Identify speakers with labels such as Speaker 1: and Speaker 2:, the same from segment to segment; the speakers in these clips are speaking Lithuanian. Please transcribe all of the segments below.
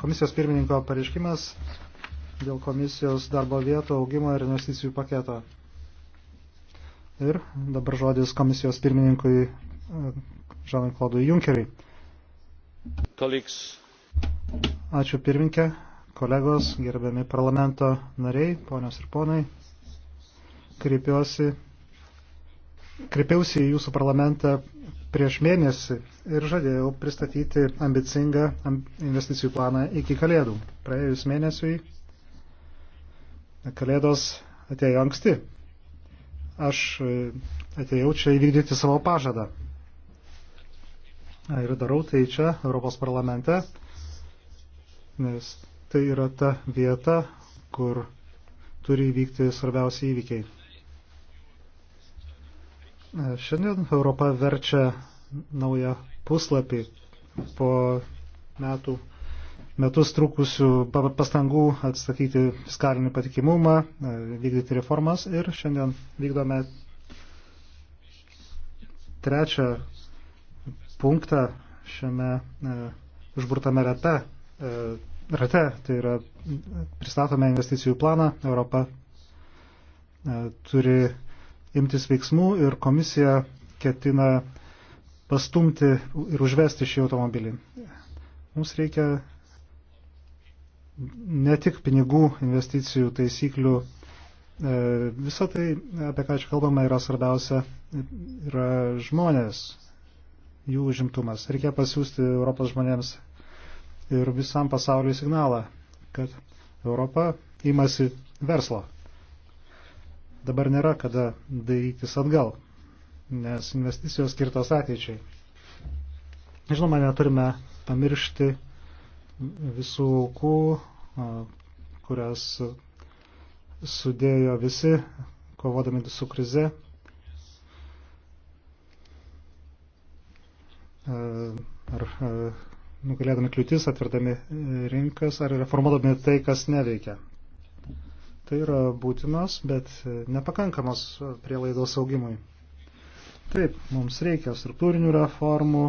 Speaker 1: komisijos pirmininko pareiškimas dėl komisijos darbo vietų augimo ir investicijų paketo. Ir dabar žodis komisijos pirmininkui Žanui e, Klodui Junkeriui. Koliks. Ačiū pirminkė, kolegos, gerbiami parlamento nariai, ponios ir ponai. Kreipiuosi, kreipiausi į jūsų parlamentą prieš mėnesį ir žadėjau pristatyti ambicingą investicijų planą iki kalėdų. Praėjus mėnesiui kalėdos atėjo anksti. Aš e, atėjau čia įvykdyti savo pažadą. Ir darau tai čia, Europos parlamente, nes tai yra ta vieta, kur turi įvykti svarbiausi įvykiai. Šiandien Europa verčia naują puslapį po metų, metus trukusių pastangų atstatyti fiskalinį patikimumą, e, vykdyti reformas ir šiandien vykdome trečią punktą šiame e, užburtame rate, e, rate, tai yra pristatome investicijų planą, Europa e, turi imtis veiksmų ir komisija ketina pastumti ir užvesti šį automobilį. Mums reikia ne tik pinigų, investicijų, taisyklių. E, Visą tai, apie ką čia kalbame, yra svarbiausia, yra žmonės, jų užimtumas. Reikia pasiūsti Europos žmonėms ir visam pasauliu signalą, kad Europa imasi verslo dabar nėra kada darytis atgal, nes investicijos skirtos ateičiai. Žinoma, neturime pamiršti visų aukų, kurias sudėjo visi, kovodami su krize. Ar nugalėdami kliūtis, atverdami rinkas, ar reformuodami tai, kas neveikia. Tai yra būtinos, bet nepakankamos prielaidos augimui. Taip, mums reikia struktūrinių reformų,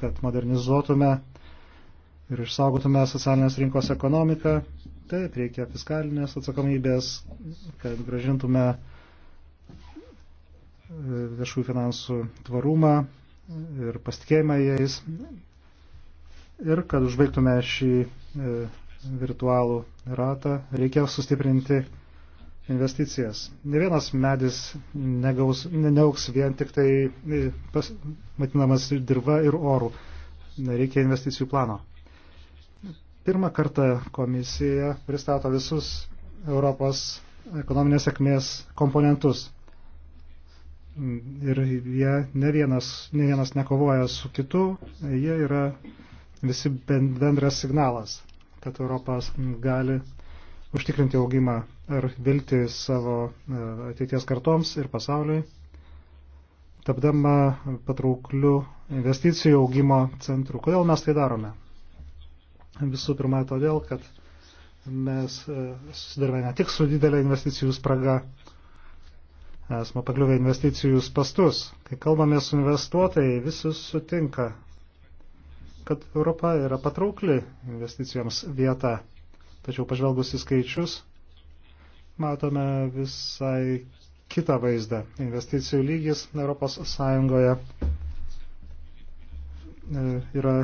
Speaker 1: kad modernizuotume ir išsaugotume socialinės rinkos ekonomiką. Taip, reikia fiskalinės atsakomybės, kad gražintume e, viešųjų finansų tvarumą ir pasitikėjimą jais. Ir kad užbaigtume šį e, virtualų ratą, reikia sustiprinti investicijas. Ne vienas medis negaus, neauks vien tik tai e, pas, matinamas dirba ir orų. Reikia investicijų plano. Pirmą kartą komisija pristato visus Europos ekonominės sėkmės komponentus. Ir jie ne vienas, ne vienas nekovoja su kitu, jie yra visi bendras signalas kad Europas gali užtikrinti augimą ar vilti savo e, ateities kartoms ir pasauliui, tapdama patraukliu investicijų augimo centru. Kodėl mes tai darome? Visų pirma, todėl, kad mes e, susidurime ne tik su didelė investicijų spraga, esame pakliuvę investicijų spastus. Kai kalbame su investuotojai, visi sutinka, kad Europa yra patraukli investicijoms vieta. Tačiau pažvelgus į skaičius, matome visai kitą vaizdą. Investicijų lygis ES e, yra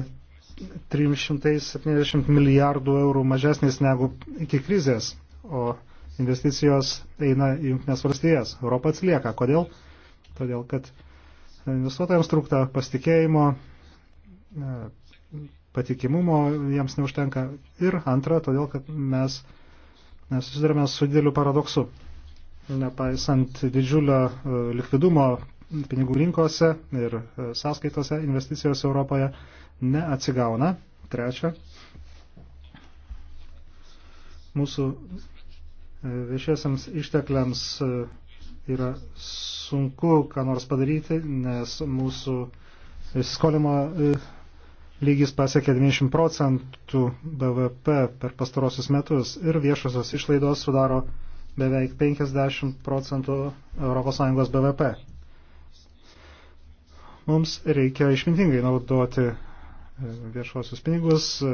Speaker 1: 370 milijardų eurų mažesnis negu iki krizės, o investicijos eina į Junktinės valstijas. Europa atsilieka. Kodėl? Todėl, kad investuotojams trūkta pasitikėjimo, e, patikimumo jiems neužtenka. Ir antra, todėl, kad mes susidurime su dideliu paradoksu. Nepaisant didžiulio e, likvidumo pinigų rinkose ir e, sąskaitose investicijos Europoje neatsigauna. Trečia, mūsų e, viešiesiams ištekliams yra sunku ką nors padaryti, nes mūsų skolimo lygis pasiekė 90 procentų BVP per pastarosius metus ir viešosios išlaidos sudaro beveik 50 procentų ES BVP. Mums reikia išmintingai naudoti e, viešuosius pinigus, e,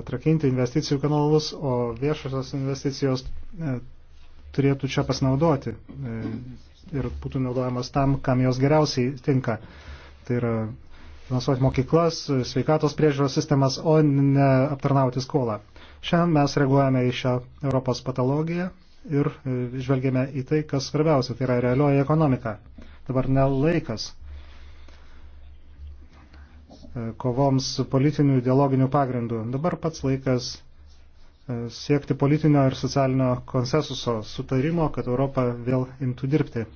Speaker 1: atrakinti investicijų kanalus, o viešosios investicijos e, turėtų čia pasinaudoti ir būtų naudojamas tam, kam jos geriausiai tinka. Tai yra finansuoti mokyklas, sveikatos priežiūros sistemas, o ne aptarnauti skolą. Šiandien mes reaguojame į šią Europos patologiją ir e, žvelgėme į tai, kas svarbiausia, tai yra realioji ekonomika. Dabar ne laikas e, kovoms politinių ideologinių pagrindų. Dabar pats laikas e, siekti politinio ir socialinio konsensuso sutarimo, kad Europa vėl imtų dirbti.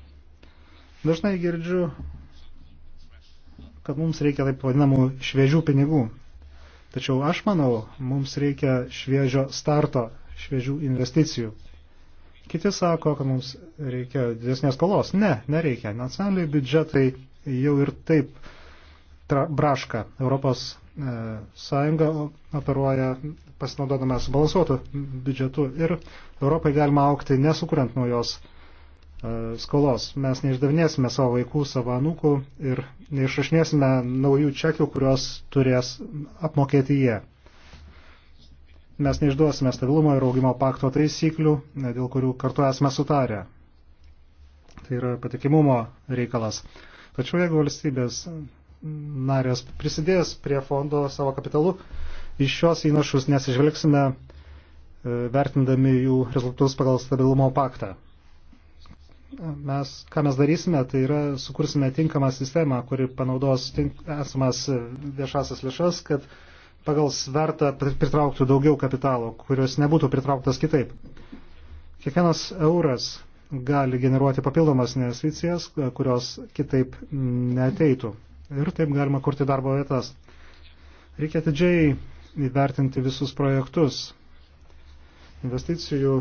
Speaker 1: Dažnai girdžiu kad mums reikia taip vadinamų šviežių pinigų. Tačiau aš manau, mums reikia šviežio starto, šviežių investicijų. Kiti sako, kad mums reikia didesnės skolos. Ne, nereikia. Nacionaliniai biudžetai jau ir taip braška. Europos e, Sąjunga operuoja pasinaudodama subalansuotų biudžetu ir Europai galima aukti nesukuriant naujos E, skolos. Mes neišdavinėsime savo vaikų, savo anūkų ir neišrašinėsime naujų čekių, kuriuos turės apmokėti jie. Mes neišduosime stabilumo ir augimo pakto taisyklių, e, dėl kurių kartu esame sutarę. Tai yra patikimumo reikalas. Tačiau jeigu valstybės narės prisidės prie fondo savo kapitalu, iš šios įnašus nesižvelgsime e, vertindami jų rezultatus pagal stabilumo paktą mes, ką mes darysime, tai yra sukursime tinkamą sistemą, kuri panaudos tink, esamas viešasias lėšas, kad pagal svertą pritrauktų daugiau kapitalo, kurios nebūtų pritrauktas kitaip. Kiekvienas euras gali generuoti papildomas investicijas, kurios kitaip neteitų. Ir taip galima kurti darbo vietas. Reikia atidžiai įvertinti visus projektus. Investicijų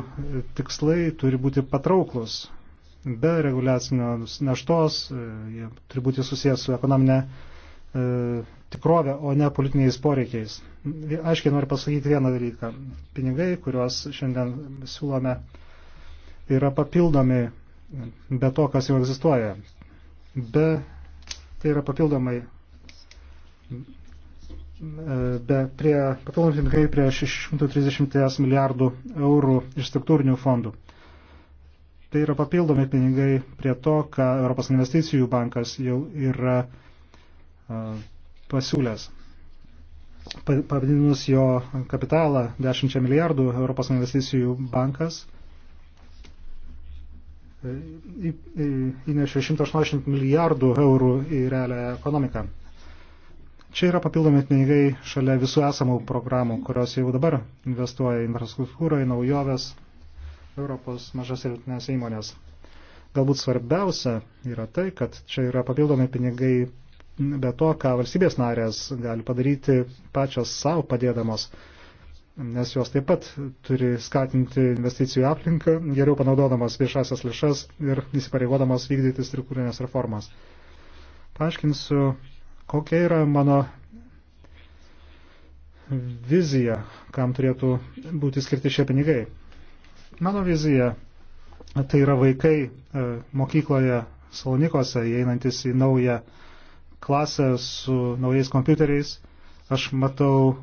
Speaker 1: tikslai turi būti patrauklus, be reguliacinės naštos, e, jie turi būti susijęs su ekonominė e, tikrovė, o ne politiniais poreikiais. Aiškiai noriu pasakyti vieną dalyką. Pinigai, kuriuos šiandien siūlome, yra papildomi be to, kas jau egzistuoja. Be, tai yra papildomai e, be prie, papildomi pinigai prie 630 milijardų eurų iš struktūrinių fondų. Tai yra papildomi pinigai prie to, ką Europos investicijų bankas jau yra pasiūlęs. Pavadinus jo kapitalą 10 milijardų Europos investicijų bankas e, įnešė 180 milijardų eurų į realią ekonomiką. Čia yra papildomi pinigai šalia visų esamų programų, kurios jau dabar investuoja į infrastruktūrą, į naujoves, Europos mažas ir vidutinės įmonės. Galbūt svarbiausia yra tai, kad čia yra papildomi pinigai be to, ką valstybės narės gali padaryti pačios savo padėdamos, nes jos taip pat turi skatinti investicijų aplinką, geriau panaudodamas viešasias lėšas ir įsipareigodamas vykdyti struktūrinės reformas. Paaiškinsiu, kokia yra mano viziją, kam turėtų būti skirti šie pinigai. Mano vizija tai yra vaikai e, mokykloje Salonikose, einantis į naują klasę su naujais kompiuteriais. Aš matau e,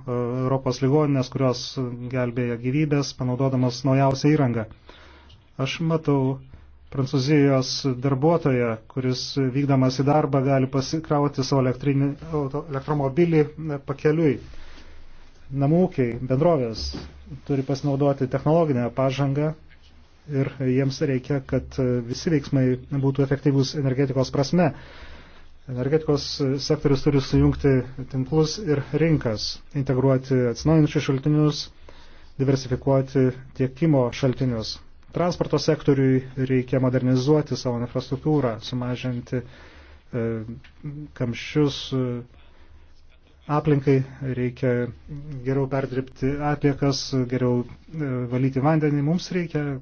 Speaker 1: Europos ligoninės, kurios gelbėja gyvybės, panaudodamas naujausią įrangą. Aš matau Prancūzijos darbuotoją, kuris vykdamas į darbą gali pasikrauti savo elektromobilį e, pakeliui. Namūkiai, bendrovės, turi pasinaudoti technologinę pažangą ir jiems reikia, kad visi veiksmai būtų efektyvūs energetikos prasme. Energetikos sektorius turi sujungti tinklus ir rinkas, integruoti atsinaujinančius šaltinius, diversifikuoti tiekimo šaltinius. Transporto sektoriui reikia modernizuoti savo infrastruktūrą, sumažinti e, kamščius, e, aplinkai, reikia geriau perdirbti atliekas, geriau e, valyti vandenį, mums reikia e,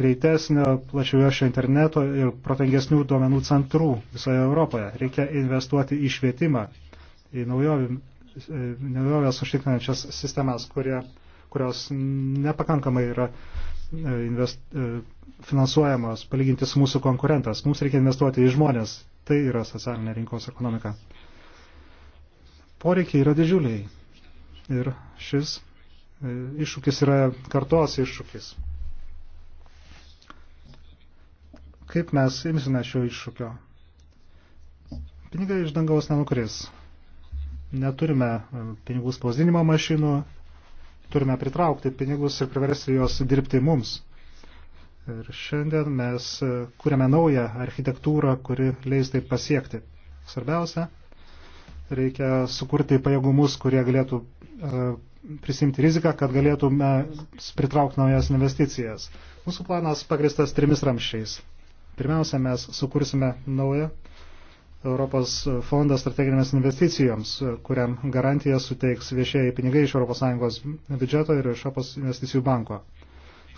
Speaker 1: greitesnio, plačiojošio interneto ir protingesnių duomenų centrų visoje Europoje. Reikia investuoti į švietimą, į e, naujoves užtikrinančias sistemas, kurie, kurios nepakankamai yra invest, finansuojamos palyginti su mūsų konkurentas. Mums reikia investuoti į žmonės. Tai yra socialinė rinkos ekonomika. Poreikiai yra didžiuliai. Ir šis e, iššūkis yra kartos iššūkis. Kaip mes imsime šio iššūkio? Pinigai iš dangaus nenukris. Neturime e, pinigų spausdinimo mašinų, turime pritraukti pinigus ir priversti juos dirbti mums. Ir šiandien mes e, kūrėme naują architektūrą, kuri leis tai pasiekti. Svarbiausia reikia sukurti pajėgumus, kurie galėtų e, prisimti riziką, kad galėtume pritraukti naujas investicijas. Mūsų planas pagristas trimis ramščiais. Pirmiausia, mes sukursime naują Europos fondą strateginėms investicijoms, kuriam garantiją suteiks viešieji pinigai iš ES biudžeto ir iš Europos investicijų banko.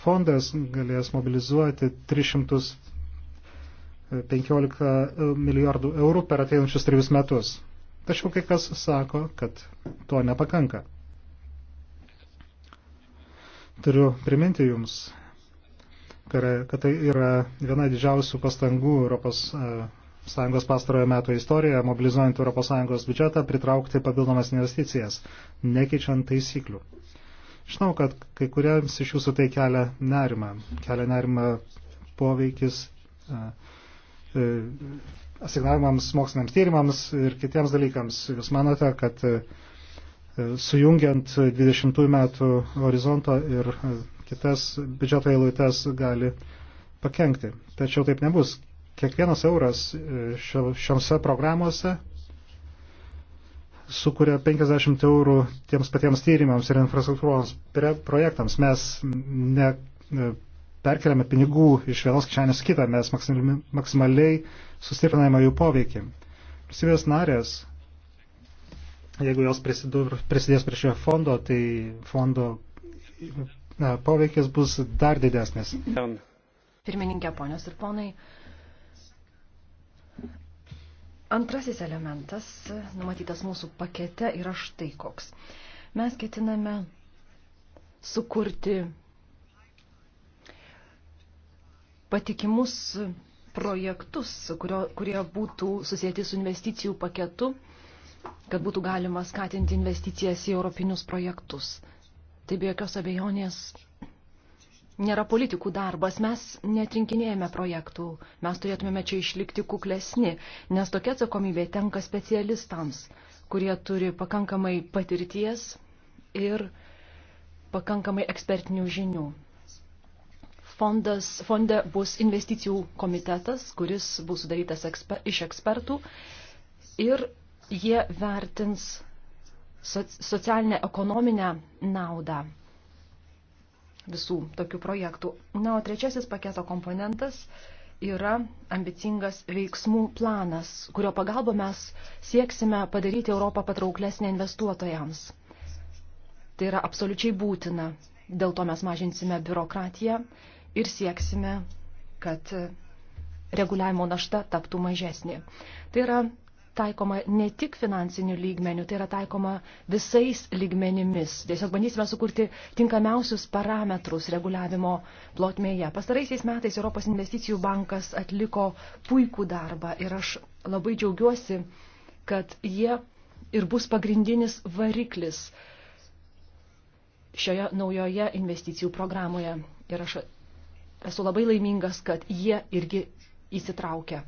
Speaker 1: Fondas galės mobilizuoti 315 milijardų eurų per ateinančius trejus metus. Tačiau kai kas sako, kad to nepakanka. Turiu priminti Jums, kad tai yra viena didžiausių pastangų Europos e, Sąjungos pastarojo metų istorijoje, mobilizuojant Europos Sąjungos biudžetą, pritraukti papildomas investicijas, nekeičiant taisyklių. Žinau, kad kai kuriems iš jūsų tai kelia nerimą. Kelia nerimą poveikis e, e, asignavimams moksliniams tyrimams ir kitiems dalykams. Jūs manote, kad e, sujungiant 20 metų horizontą ir e, kitas biudžeto eilutes gali pakengti. Tačiau taip nebus. Kiekvienas euras e, šiuose programuose sukuria 50 eurų tiems patiems tyrimams ir infrastruktūros projektams. Mes ne perkeliame pinigų iš vienos kišenės kitą, mes maksimaliai sustipriname jų poveikį. Valstybės narės, jeigu jos prisidės prie šio fondo, tai fondo na, poveikis bus dar didesnis.
Speaker 2: Pirmininkė, ponios ir ponai. Antrasis elementas, numatytas mūsų pakete, yra štai koks. Mes ketiname sukurti patikimus projektus, kurio, kurie būtų susijęti su investicijų paketu, kad būtų galima skatinti investicijas į europinius projektus. Tai be jokios abejonės nėra politikų darbas, mes netrinkinėjame projektų, mes turėtumėme čia išlikti kuklesni, nes tokia atsakomybė tenka specialistams, kurie turi pakankamai patirties ir pakankamai ekspertinių žinių fondas, fonde bus investicijų komitetas, kuris bus sudarytas eksper, iš ekspertų ir jie vertins socialinę ekonominę naudą visų tokių projektų. Na, o trečiasis paketo komponentas yra ambicingas veiksmų planas, kurio pagalba mes sieksime padaryti Europą patrauklesnę investuotojams. Tai yra absoliučiai būtina. Dėl to mes mažinsime biurokratiją, ir sieksime, kad reguliavimo našta taptų mažesnė. Tai yra taikoma ne tik finansinių lygmenių, tai yra taikoma visais lygmenimis. Tiesiog bandysime sukurti tinkamiausius parametrus reguliavimo plotmėje. Pastaraisiais metais Europos investicijų bankas atliko puikų darbą ir aš labai džiaugiuosi, kad jie ir bus pagrindinis variklis šioje naujoje investicijų programoje. Ir aš esu labai laimingas, kad jie irgi įsitraukia.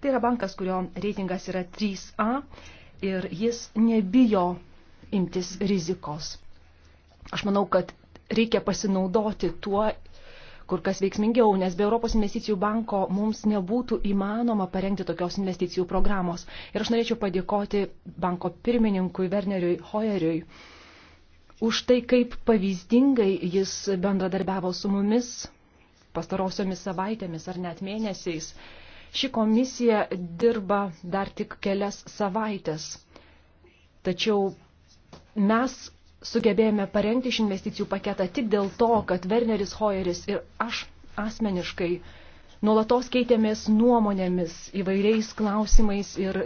Speaker 2: Tai yra bankas, kurio reitingas yra 3A ir jis nebijo imtis rizikos. Aš manau, kad reikia pasinaudoti tuo kur kas veiksmingiau, nes be Europos investicijų banko mums nebūtų įmanoma parengti tokios investicijų programos. Ir aš norėčiau padėkoti banko pirmininkui Werneriui Hoyeriui už tai, kaip pavyzdingai jis bendradarbiavo su mumis pastarosiomis savaitėmis ar net mėnesiais. Ši komisija dirba dar tik kelias savaitės. Tačiau mes sugebėjome parengti iš investicijų paketą tik dėl to, kad Werneris Hoyeris ir aš asmeniškai nuolatos keitėmės nuomonėmis įvairiais klausimais ir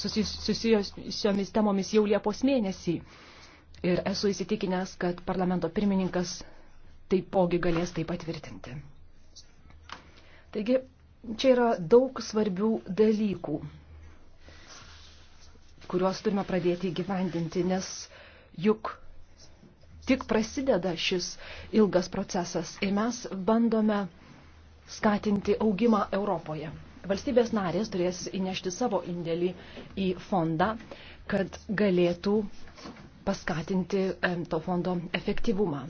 Speaker 2: susijusiomis temomis jau Liepos mėnesį. Ir esu įsitikinęs, kad parlamento pirmininkas taipogi galės tai patvirtinti. Taigi, čia yra daug svarbių dalykų, kuriuos turime pradėti įgyvendinti, nes juk tik prasideda šis ilgas procesas ir mes bandome skatinti augimą Europoje. Valstybės narės turės įnešti savo indėlį į fondą, kad galėtų paskatinti to fondo efektyvumą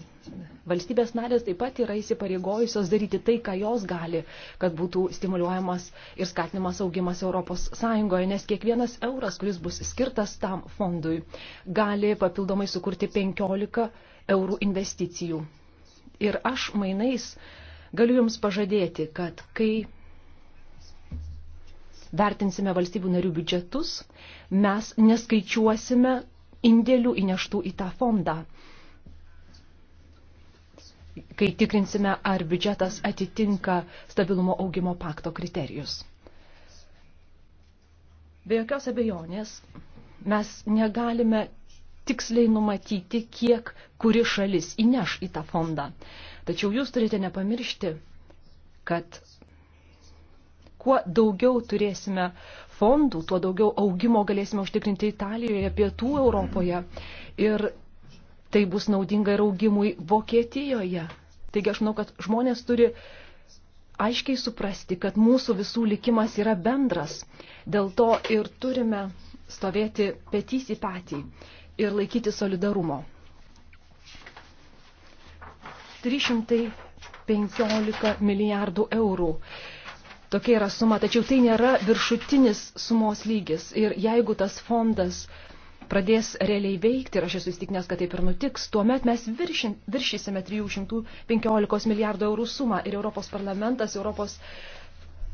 Speaker 2: valstybės narės taip pat yra įsipareigojusios daryti tai, ką jos gali, kad būtų stimuliuojamas ir skatinimas augimas ES, nes kiekvienas euras, kuris bus skirtas tam fondui, gali papildomai sukurti 15 eurų investicijų. Ir aš mainais galiu Jums pažadėti, kad kai vertinsime valstybių narių biudžetus, mes neskaičiuosime indėlių įneštų į tą fondą kai tikrinsime, ar biudžetas atitinka stabilumo augimo pakto kriterijus. Be jokios abejonės, mes negalime tiksliai numatyti, kiek kuri šalis įneš į tą fondą. Tačiau jūs turite nepamiršti, kad kuo daugiau turėsime fondų, tuo daugiau augimo galėsime užtikrinti Italijoje, pietų Europoje. Ir tai bus naudinga ir augimui Vokietijoje. Taigi aš manau, kad žmonės turi aiškiai suprasti, kad mūsų visų likimas yra bendras. Dėl to ir turime stovėti petys į petį ir laikyti solidarumo. 315 milijardų eurų. Tokia yra suma, tačiau tai nėra viršutinis sumos lygis. Ir jeigu tas fondas pradės realiai veikti, ir aš esu įstikinęs, kad taip ir nutiks, tuomet mes viršin, viršysime 315 milijardų eurų sumą ir Europos parlamentas, Europos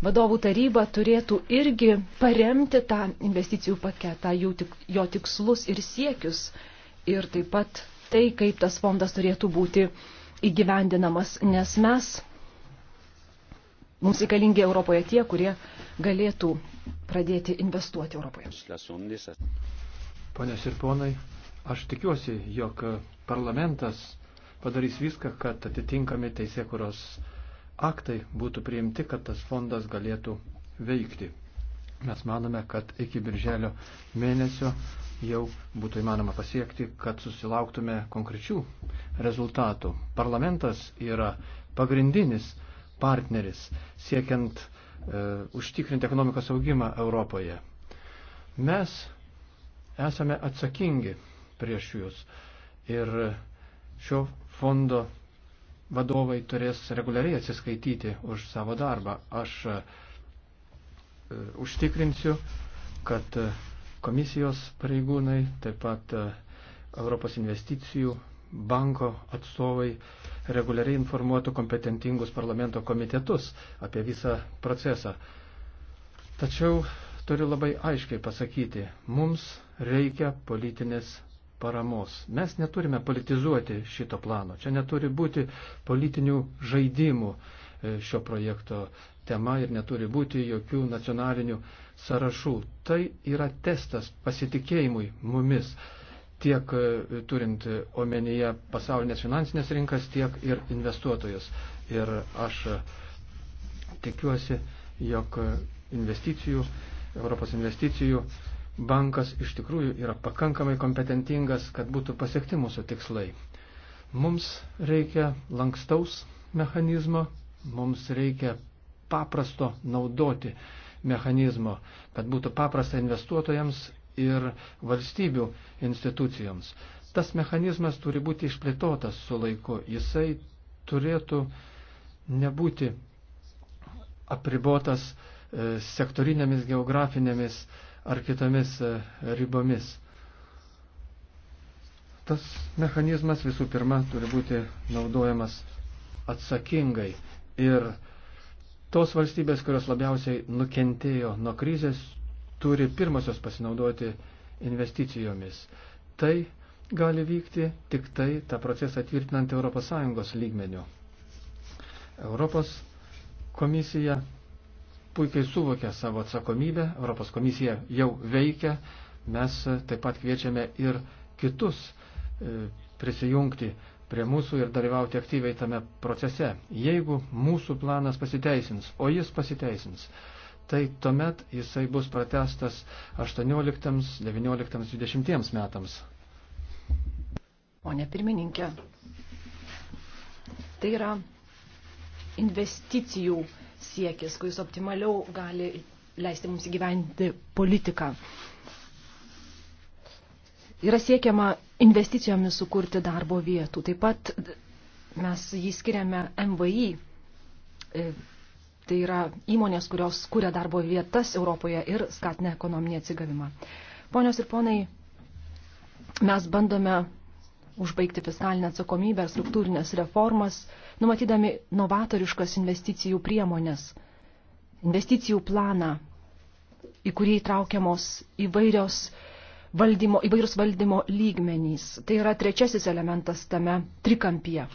Speaker 2: vadovų taryba turėtų irgi paremti tą investicijų paketą, jų tik, jo tikslus ir siekius ir taip pat tai, kaip tas fondas turėtų būti įgyvendinamas, nes mes Mums reikalingi Europoje tie, kurie galėtų pradėti investuoti Europoje.
Speaker 3: Ponios ir ponai, aš tikiuosi, jog parlamentas padarys viską, kad atitinkami teisėkuros aktai būtų priimti, kad tas fondas galėtų veikti. Mes manome, kad iki birželio mėnesio jau būtų įmanoma pasiekti, kad susilauktume konkrečių rezultatų. Parlamentas yra pagrindinis partneris siekiant e, užtikrinti ekonomikos augimą Europoje. Mes esame atsakingi prieš jūs. Ir šio fondo vadovai turės reguliariai atsiskaityti už savo darbą. Aš e, užtikrinsiu, kad e, komisijos pareigūnai, taip pat e, Europos investicijų banko atstovai reguliariai informuotų kompetentingus parlamento komitetus apie visą procesą. Tačiau turiu labai aiškiai pasakyti, mums reikia politinės paramos. Mes neturime politizuoti šito plano. Čia neturi būti politinių žaidimų e, šio projekto tema ir neturi būti jokių nacionalinių sąrašų. Tai yra testas pasitikėjimui mumis, tiek e, turint omenyje pasaulinės finansinės rinkas, tiek ir investuotojus. Ir aš e, tikiuosi, jog investicijų Europos investicijų bankas iš tikrųjų yra pakankamai kompetentingas, kad būtų pasiekti mūsų tikslai. Mums reikia lankstaus mechanizmo, mums reikia paprasto naudoti mechanizmo, kad būtų paprasta investuotojams ir valstybių institucijoms. Tas mechanizmas turi būti išplėtotas su laiku. Jisai turėtų nebūti apribotas uh, E, sektorinėmis, geografinėmis ar kitomis e, ribomis. Tas mechanizmas visų pirma turi būti naudojamas atsakingai ir tos valstybės, kurios labiausiai nukentėjo nuo krizės, turi pirmosios pasinaudoti investicijomis. Tai gali vykti tik tai tą procesą tvirtinant ES lygmeniu. Europos komisija puikiai suvokia savo atsakomybę, Europos komisija jau veikia, mes taip pat kviečiame ir kitus e, prisijungti prie mūsų ir dalyvauti aktyviai tame procese. Jeigu mūsų planas pasiteisins, o jis pasiteisins, tai tuomet jisai bus pratestas 18, 19, 20 metams.
Speaker 2: Pone pirmininkė, tai yra investicijų siekis, kuris optimaliau gali leisti mums įgyventi politiką. Yra siekiama investicijomis sukurti darbo vietų. Taip pat mes jį skiriame MVI. E, tai yra įmonės, kurios kuria darbo vietas Europoje ir skatina ekonominį atsigavimą. Ponios ir ponai, mes bandome užbaigti fiskalinę atsakomybę ir struktūrinės reformas, numatydami novatoriškas investicijų priemonės, investicijų planą, į kurį įtraukiamos įvairios valdymo, įvairius valdymo lygmenys. Tai yra trečiasis elementas tame trikampyje.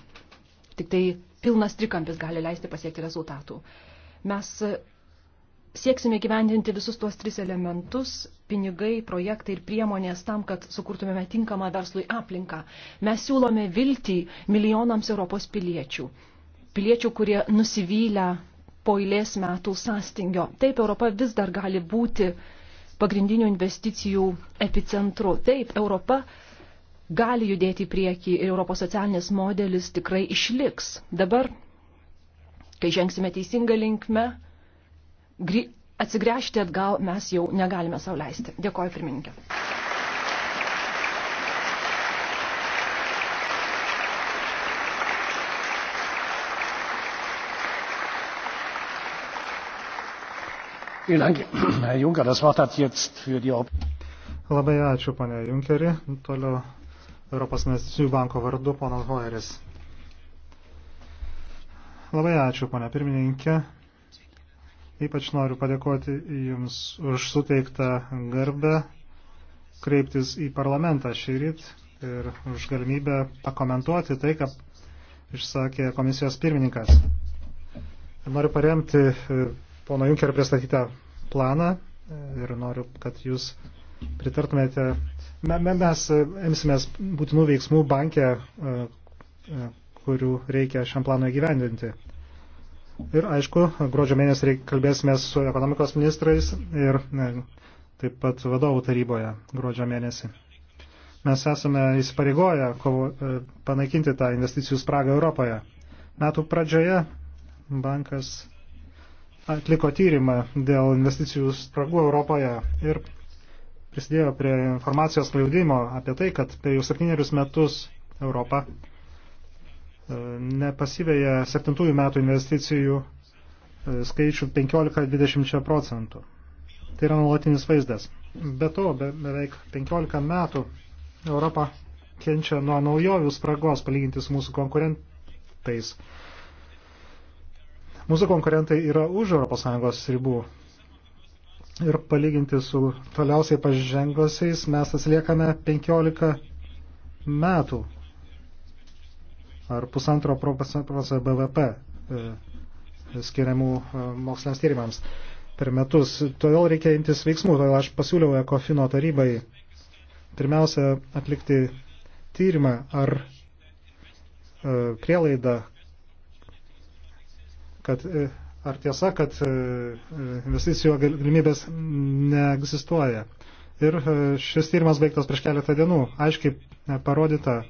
Speaker 2: Tik tai pilnas trikampis gali leisti pasiekti rezultatų. Mes sieksime gyvendinti visus tuos tris elementus pinigai, projektai ir priemonės tam, kad sukurtumėme tinkamą verslui aplinką. Mes siūlome viltį milijonams Europos piliečių. Piliečių, kurie nusivylę po eilės metų sąstingio. Taip, Europa vis dar gali būti pagrindinių investicijų epicentru. Taip, Europa gali judėti į priekį ir Europos socialinis modelis tikrai išliks. Dabar, kai žengsime teisingą linkmę, atsigręžti atgal mes jau negalime sau leisti. Dėkoju, pirmininkė.
Speaker 1: Labai ačiū, ponė Junkeri. Toliau Europos investicijų banko vardu, ponas Hoeris. Labai ačiū, ponė pirmininkė. Ypač noriu padėkoti Jums už suteiktą garbę kreiptis į parlamentą šį ryt ir už galimybę pakomentuoti tai, ką išsakė komisijos pirmininkas. Noriu paremti e, pono Junkerio pristatytą planą ir noriu, kad Jūs pritartumėte. Mes imsimės būtinų veiksmų bankė, e, e, kurių reikia šiam planui gyvendinti. Ir aišku, gruodžio mėnesį kalbėsime su ekonomikos ministrais ir ne, taip pat vadovų taryboje gruodžio mėnesį. Mes esame įsipareigoję kovo, e, panaikinti tą investicijų spragą Europoje. Metų pradžioje bankas atliko tyrimą dėl investicijų spragų Europoje ir prisidėjo prie informacijos klaidimo apie tai, kad per jau septynerius metus Europa nepasiveja 7 metų investicijų e, skaičių 15-20 procentų. Tai yra nuolatinis vaizdas. Be to, be, beveik 15 metų Europa kenčia nuo naujovių spragos palyginti su mūsų konkurentais. Mūsų konkurentai yra už ES ribų. Ir palyginti su toliausiai pažengusiais mes atsiliekame 15 metų ar pusantro procento BVP e, skiriamų e, moksliniams tyrimams per metus. Todėl reikia imtis veiksmų, todėl aš pasiūliau Ekofino tarybai pirmiausia atlikti tyrimą ar e, prielaida, kad ar tiesa, kad investicijų galimybės neegzistuoja. Ir šis tyrimas baigtas prieš keletą dienų. Aiškiai parodyta,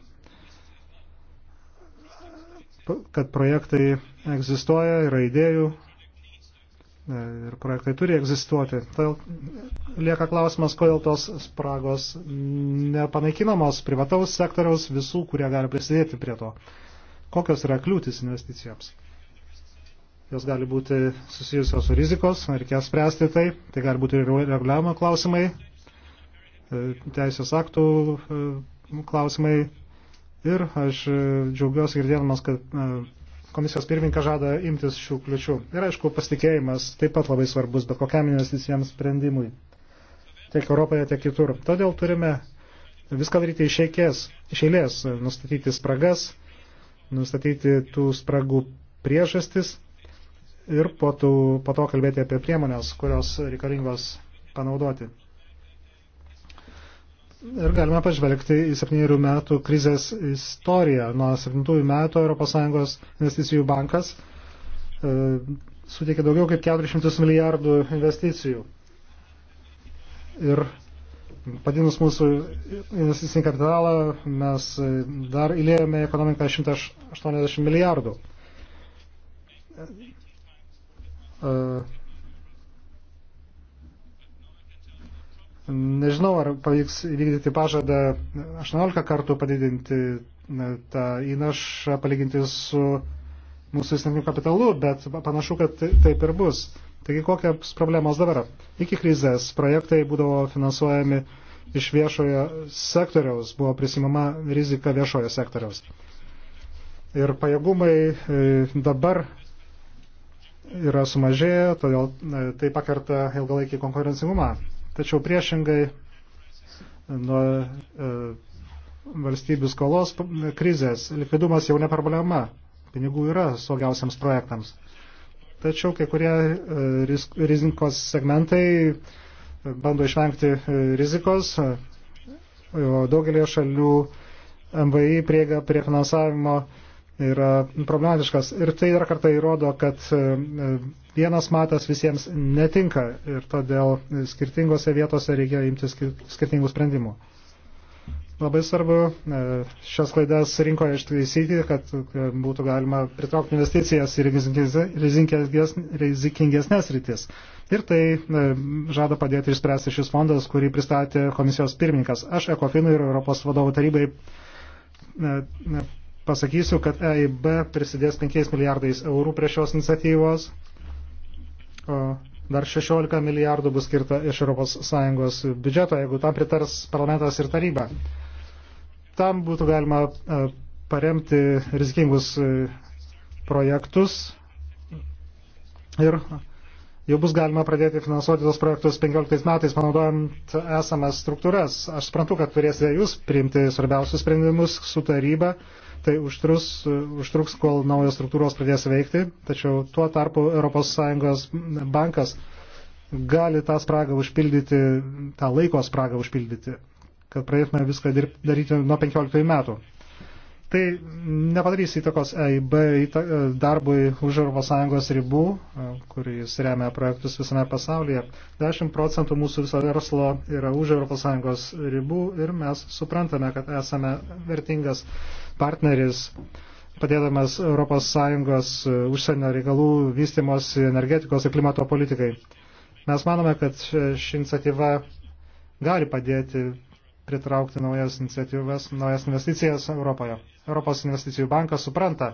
Speaker 1: kad projektai egzistuoja, yra idėjų e, ir projektai turi egzistuoti. Tai lieka klausimas, kodėl tos spragos nepanaikinamos privataus sektoriaus visų, kurie gali prisidėti prie to. Kokios yra kliūtis investicijoms? Jos gali būti susijusios su rizikos, reikės spręsti tai, tai gali būti ir reguliavimo klausimai, e, teisės aktų e, klausimai, Ir aš e, džiaugiuosi girdėdamas, kad e, komisijos pirmininkas žada imtis šių kliučių. Ir aišku, pasitikėjimas taip pat labai svarbus, bet kokiam investicijam sprendimui. Tiek Europoje, tiek kitur. Todėl turime viską daryti iš, eikės, iš eilės, nustatyti spragas, nustatyti tų spragų priežastis ir po, tų, po to kalbėti apie priemonės, kurios reikalingos panaudoti. Ir galima pažvelgti į septynių metų krizės istoriją. Nuo septintųjų metų ES investicijų bankas e, suteikė daugiau kaip 400 milijardų investicijų. Ir padinus mūsų investicinį kapitalą, mes dar įlėjome ekonomiką 180 milijardų. E, Nežinau, ar pavyks įvykdyti pažadą 18 kartų padidinti tą įnašą, palyginti su mūsų įsitikinimu kapitalu, bet panašu, kad taip ir bus. Taigi kokios problemos dabar? Iki krizės projektai būdavo finansuojami iš viešojo sektoriaus, buvo prisimama rizika viešojo sektoriaus. Ir pajėgumai e, dabar yra sumažėję, todėl e, tai pakerta ilgalaikį konkurencingumą. Tačiau priešingai nuo e, valstybių skolos krizės likvidumas jau ne problema. Pinigų yra saugiausiams projektams. Tačiau kai kurie e, rizikos segmentai e, bando išvengti e, rizikos, e, o daugelio šalių MVI prieiga prie finansavimo e, yra problematiškas. Ir tai dar kartą įrodo, kad e, vienas matas visiems netinka ir todėl skirtingose vietose reikia imti skirtingų sprendimų. Labai svarbu e, šias klaidas rinkoje ištaisyti, kad e, būtų galima pritraukti investicijas į rizikingesnės rytis. Ir tai žada padėti išspręsti šis fondas, kurį pristatė komisijos pirmininkas. Aš Ekofinui ir Europos vadovų tarybai pasakysiu, kad EIB prisidės 5 milijardais eurų prie šios iniciatyvos, o dar 16 milijardų bus skirta iš ES biudžeto, jeigu tam pritars parlamentas ir taryba. Tam būtų galima e, paremti rizikingus e, projektus ir jau bus galima pradėti finansuoti tos projektus 15 metais, panaudojant esamas struktūras. Aš suprantu, kad turėsite jūs priimti svarbiausius sprendimus su taryba Tai užtrus, užtruks, kol naujos struktūros pradės veikti, tačiau tuo tarpu ES bankas gali tą spragą užpildyti, tą laiko spragą užpildyti, kad pradėtume viską dirb, daryti nuo 15 metų. Tai nepadarys įtakos EIB e, darbui už ES ribų, e, kuris remia projektus visame pasaulyje. 10 procentų mūsų viso verslo yra už ES ribų ir mes suprantame, kad esame vertingas partneris, padėdamas ES e, užsienio reikalų vystimos energetikos ir klimato politikai. Mes manome, kad ši iniciatyva gali padėti pritraukti naujas iniciatyvas, naujas investicijas Europoje. Europos investicijų bankas supranta,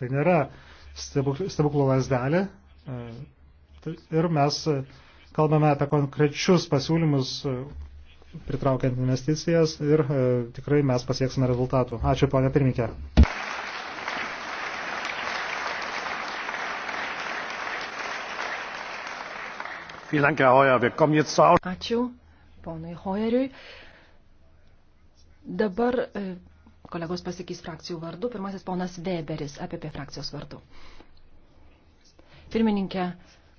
Speaker 1: tai nėra stebuklų lasdelė e, tai ir mes kalbame apie konkrečius pasiūlymus e, pritraukiant investicijas ir e, tikrai mes pasieksime rezultatų. Ačiū, ponė pirmininkė.
Speaker 2: Ačiū ponui Hoeriui. Dabar Kolegos pasakys frakcijų vardu. Pirmasis ponas Weberis, APP frakcijos vardu. Pirmininkė,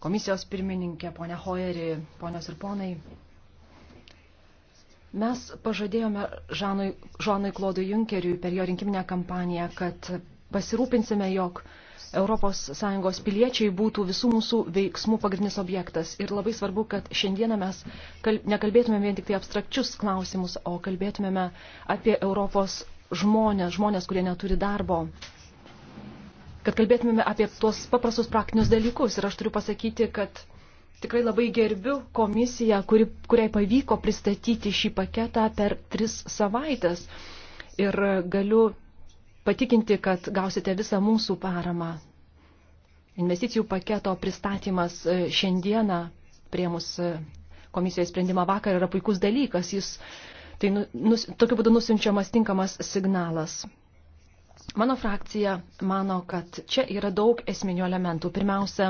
Speaker 2: komisijos pirmininkė, ponia Hoeri, ponios ir ponai. Mes pažadėjome Žanui, Žanui Klodui Junkeriui per jo rinkiminę kampaniją, kad pasirūpinsime, jog ES piliečiai būtų visų mūsų veiksmų pagrindinis objektas. Ir labai svarbu, kad šiandieną mes kal nekalbėtume vien tik tai abstrakčius klausimus, o kalbėtumėme apie Europos žmonės, žmonės, kurie neturi darbo. Kad kalbėtumėme apie tuos paprastus praktinius dalykus. Ir aš turiu pasakyti, kad tikrai labai gerbiu komisiją, kuri, kuriai pavyko pristatyti šį paketą per tris savaitės. Ir galiu patikinti, kad gausite visą mūsų paramą. Investicijų paketo pristatymas e, šiandieną prie mūsų komisijos sprendimą vakar yra puikus dalykas. Jis Tai nu, nus, tokiu būdu nusinčiamas tinkamas signalas. Mano frakcija mano, kad čia yra daug esminių elementų. Pirmiausia,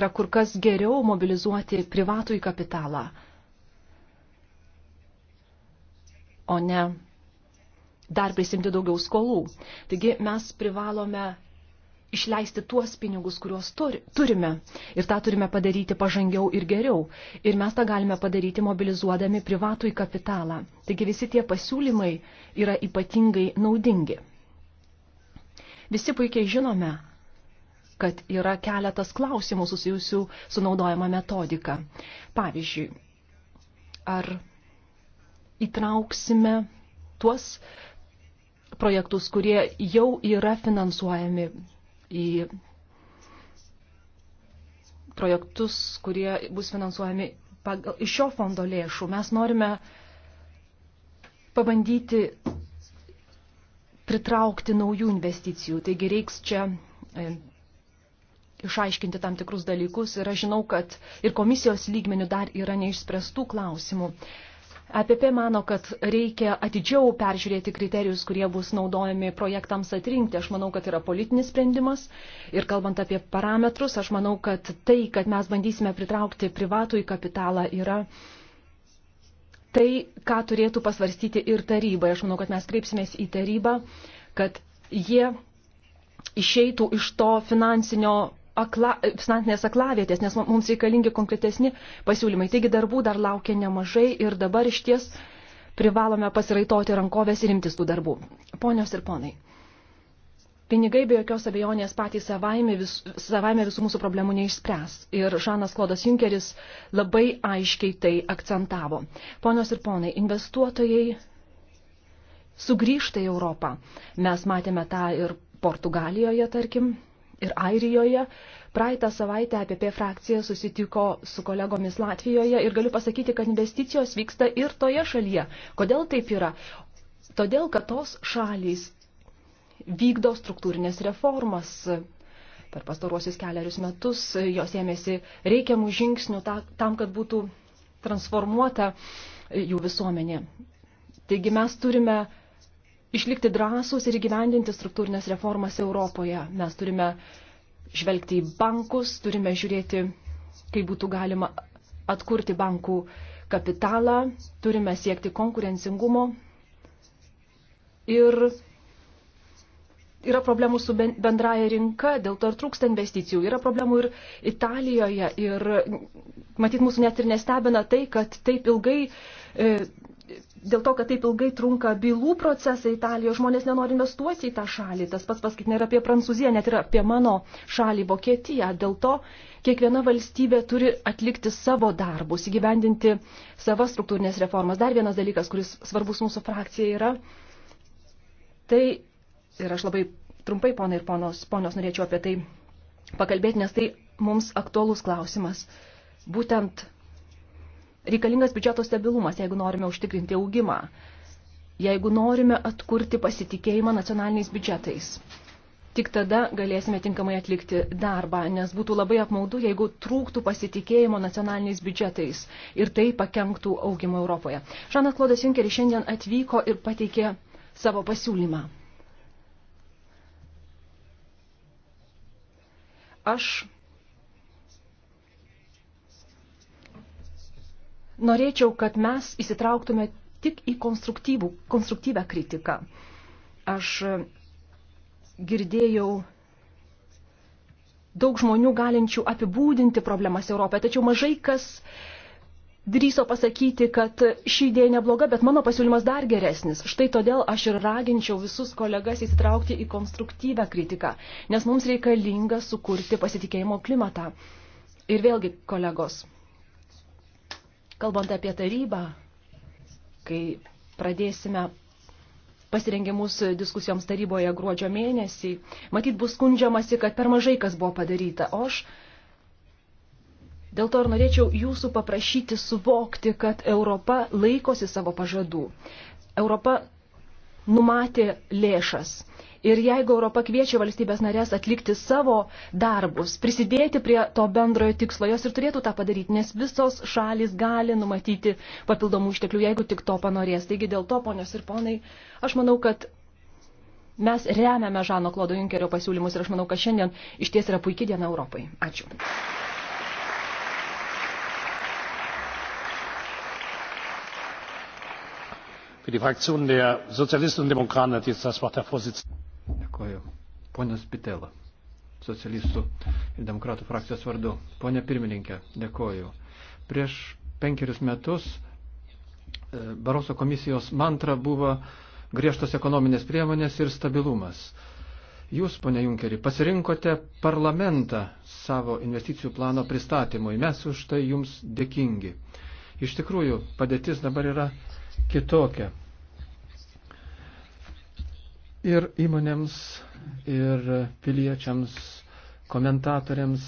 Speaker 2: yra kur kas geriau mobilizuoti privatų į kapitalą, o ne dar prisimti daugiau skolų. Taigi mes privalome išleisti tuos pinigus, kuriuos turi, turime. Ir tą turime padaryti pažangiau ir geriau. Ir mes tą galime padaryti mobilizuodami privatų į kapitalą. Taigi visi tie pasiūlymai yra ypatingai naudingi. Visi puikiai žinome, kad yra keletas klausimų susijusių su naudojama metodika. Pavyzdžiui, ar įtrauksime tuos projektus, kurie jau yra finansuojami į projektus, kurie bus finansuojami pagal, iš šio fondo lėšų. Mes norime pabandyti pritraukti naujų investicijų. Taigi reiks čia e, išaiškinti tam tikrus dalykus ir aš žinau, kad ir komisijos lygmenių dar yra neišspręstų klausimų. APP mano, kad reikia atidžiau peržiūrėti kriterijus, kurie bus naudojami projektams atrinkti. Aš manau, kad yra politinis sprendimas. Ir kalbant apie parametrus, aš manau, kad tai, kad mes bandysime pritraukti privatų į kapitalą, yra tai, ką turėtų pasvarstyti ir taryba. Aš manau, kad mes kreipsimės į tarybą, kad jie išeitų iš to finansinio akla, finansinės aklavietės, nes mums reikalingi konkretesni pasiūlymai. Taigi darbų dar laukia nemažai ir dabar iš ties privalome pasiraitoti rankovės ir imtis tų darbų. Ponios ir ponai, pinigai be jokios abejonės patys savaime, vis, savaime visų mūsų problemų neišspręs. Ir Žanas Klodas Junkeris labai aiškiai tai akcentavo. Ponios ir ponai, investuotojai sugrįžta į Europą. Mes matėme tą ir Portugalijoje, tarkim, ir Airijoje. Praeitą savaitę APP frakcija susitiko su kolegomis Latvijoje ir galiu pasakyti, kad investicijos vyksta ir toje šalyje. Kodėl taip yra? Todėl, kad tos šalys vykdo struktūrinės reformas. Per pastaruosius keliarius metus jos ėmėsi reikiamų žingsnių tam, kad būtų transformuota jų visuomenė. Taigi mes turime išlikti drąsūs ir įgyvendinti struktūrinės reformas Europoje. Mes turime žvelgti į bankus, turime žiūrėti, kaip būtų galima atkurti bankų kapitalą, turime siekti konkurencingumo ir yra problemų su bendraja rinka, dėl to ir trūksta investicijų. Yra problemų ir Italijoje ir matyt mūsų net ir nestebina tai, kad taip ilgai e, dėl to, kad taip ilgai trunka bylų procesai Italijoje, žmonės nenori investuoti į tą šalį. Tas pats paskaitinė ir apie Prancūziją, net ir apie mano šalį Vokietiją. Dėl to kiekviena valstybė turi atlikti savo darbus, įgyvendinti savas struktūrinės reformas. Dar vienas dalykas, kuris svarbus mūsų frakcija yra, tai, ir aš labai trumpai, ponai ir ponos, ponios, norėčiau apie tai pakalbėti, nes tai mums aktuolus klausimas. Būtent Reikalingas biudžeto stabilumas, jeigu norime užtikrinti augimą, jeigu norime atkurti pasitikėjimą nacionaliniais biudžetais. Tik tada galėsime tinkamai atlikti darbą, nes būtų labai apmaudu, jeigu trūktų pasitikėjimo nacionaliniais biudžetais ir tai pakenktų augimo Europoje. Žanas Klodas Junkeris šiandien atvyko ir pateikė savo pasiūlymą. Aš norėčiau, kad mes įsitrauktume tik į konstruktyvę kritiką. Aš girdėjau daug žmonių galinčių apibūdinti problemas Europoje, tačiau mažai kas drįso pasakyti, kad ši idėja nebloga, bet mano pasiūlymas dar geresnis. Štai todėl aš ir raginčiau visus kolegas įsitraukti į konstruktyvę kritiką, nes mums reikalinga sukurti pasitikėjimo klimatą. Ir vėlgi, kolegos, Kalbant apie tarybą, kai pradėsime pasirengimus diskusijoms taryboje gruodžio mėnesį, matyt bus skundžiamasi, kad per mažai kas buvo padaryta. O aš dėl to ir norėčiau jūsų paprašyti suvokti, kad Europa laikosi savo pažadų. Europa numatė lėšas Ir jeigu Europa kviečia valstybės narės atlikti savo darbus, prisidėti prie to bendrojo tikslo, jos ir turėtų tą padaryti, nes visos šalis gali numatyti papildomų išteklių, jeigu tik to panorės. Taigi dėl to, ponios ir ponai, aš manau, kad mes remiame Žano Klodo Junkerio pasiūlymus ir aš manau, kad šiandien iš ties yra puikia diena Europai. Ačiū.
Speaker 1: für die fraktion der sozialisten
Speaker 3: und demokraten hat jetzt das wort der vorsitzende. Dėkoju. Ponas Pitela, socialistų ir demokratų frakcijos vardu. Pone pirmininkė, dėkoju. Prieš penkerius metus e, Baroso komisijos mantra buvo griežtos ekonominės priemonės ir stabilumas. Jūs, pone Junkeri, pasirinkote parlamentą savo investicijų plano pristatymui. Mes už tai jums dėkingi. Iš tikrųjų, padėtis dabar yra kitokia ir įmonėms, ir piliečiams, komentatoriams,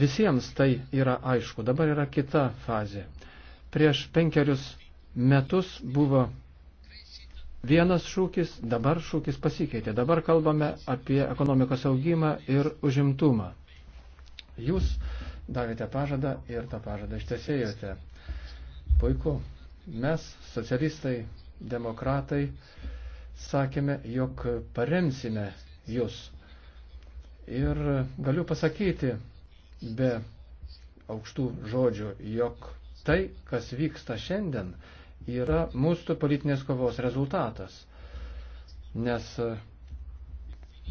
Speaker 3: visiems tai yra aišku. Dabar yra kita fazė. Prieš penkerius metus buvo vienas šūkis, dabar šūkis pasikeitė. Dabar kalbame apie ekonomikos augimą ir užimtumą. Jūs davėte pažadą ir tą pažadą ištesėjote. Puiku. Mes, socialistai, demokratai, sakėme, jog paremsime jūs. Ir galiu pasakyti be aukštų žodžių, jog tai, kas vyksta šiandien, yra mūsų politinės kovos rezultatas. Nes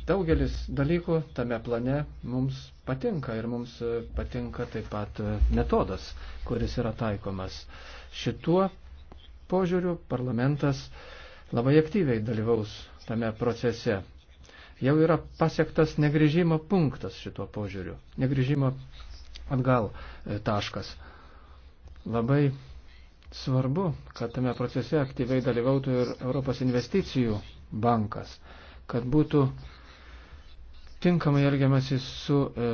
Speaker 3: daugelis dalykų tame plane mums patinka ir mums patinka taip pat metodas, kuris yra taikomas. Šituo požiūriu parlamentas uh, labai aktyviai dalyvaus tame procese. Jau yra pasiektas negrįžimo punktas šituo požiūriu, negrįžimo atgal e, taškas. Labai svarbu, kad tame procese aktyviai dalyvautų ir Europos investicijų bankas, kad būtų tinkamai elgiamasi su e,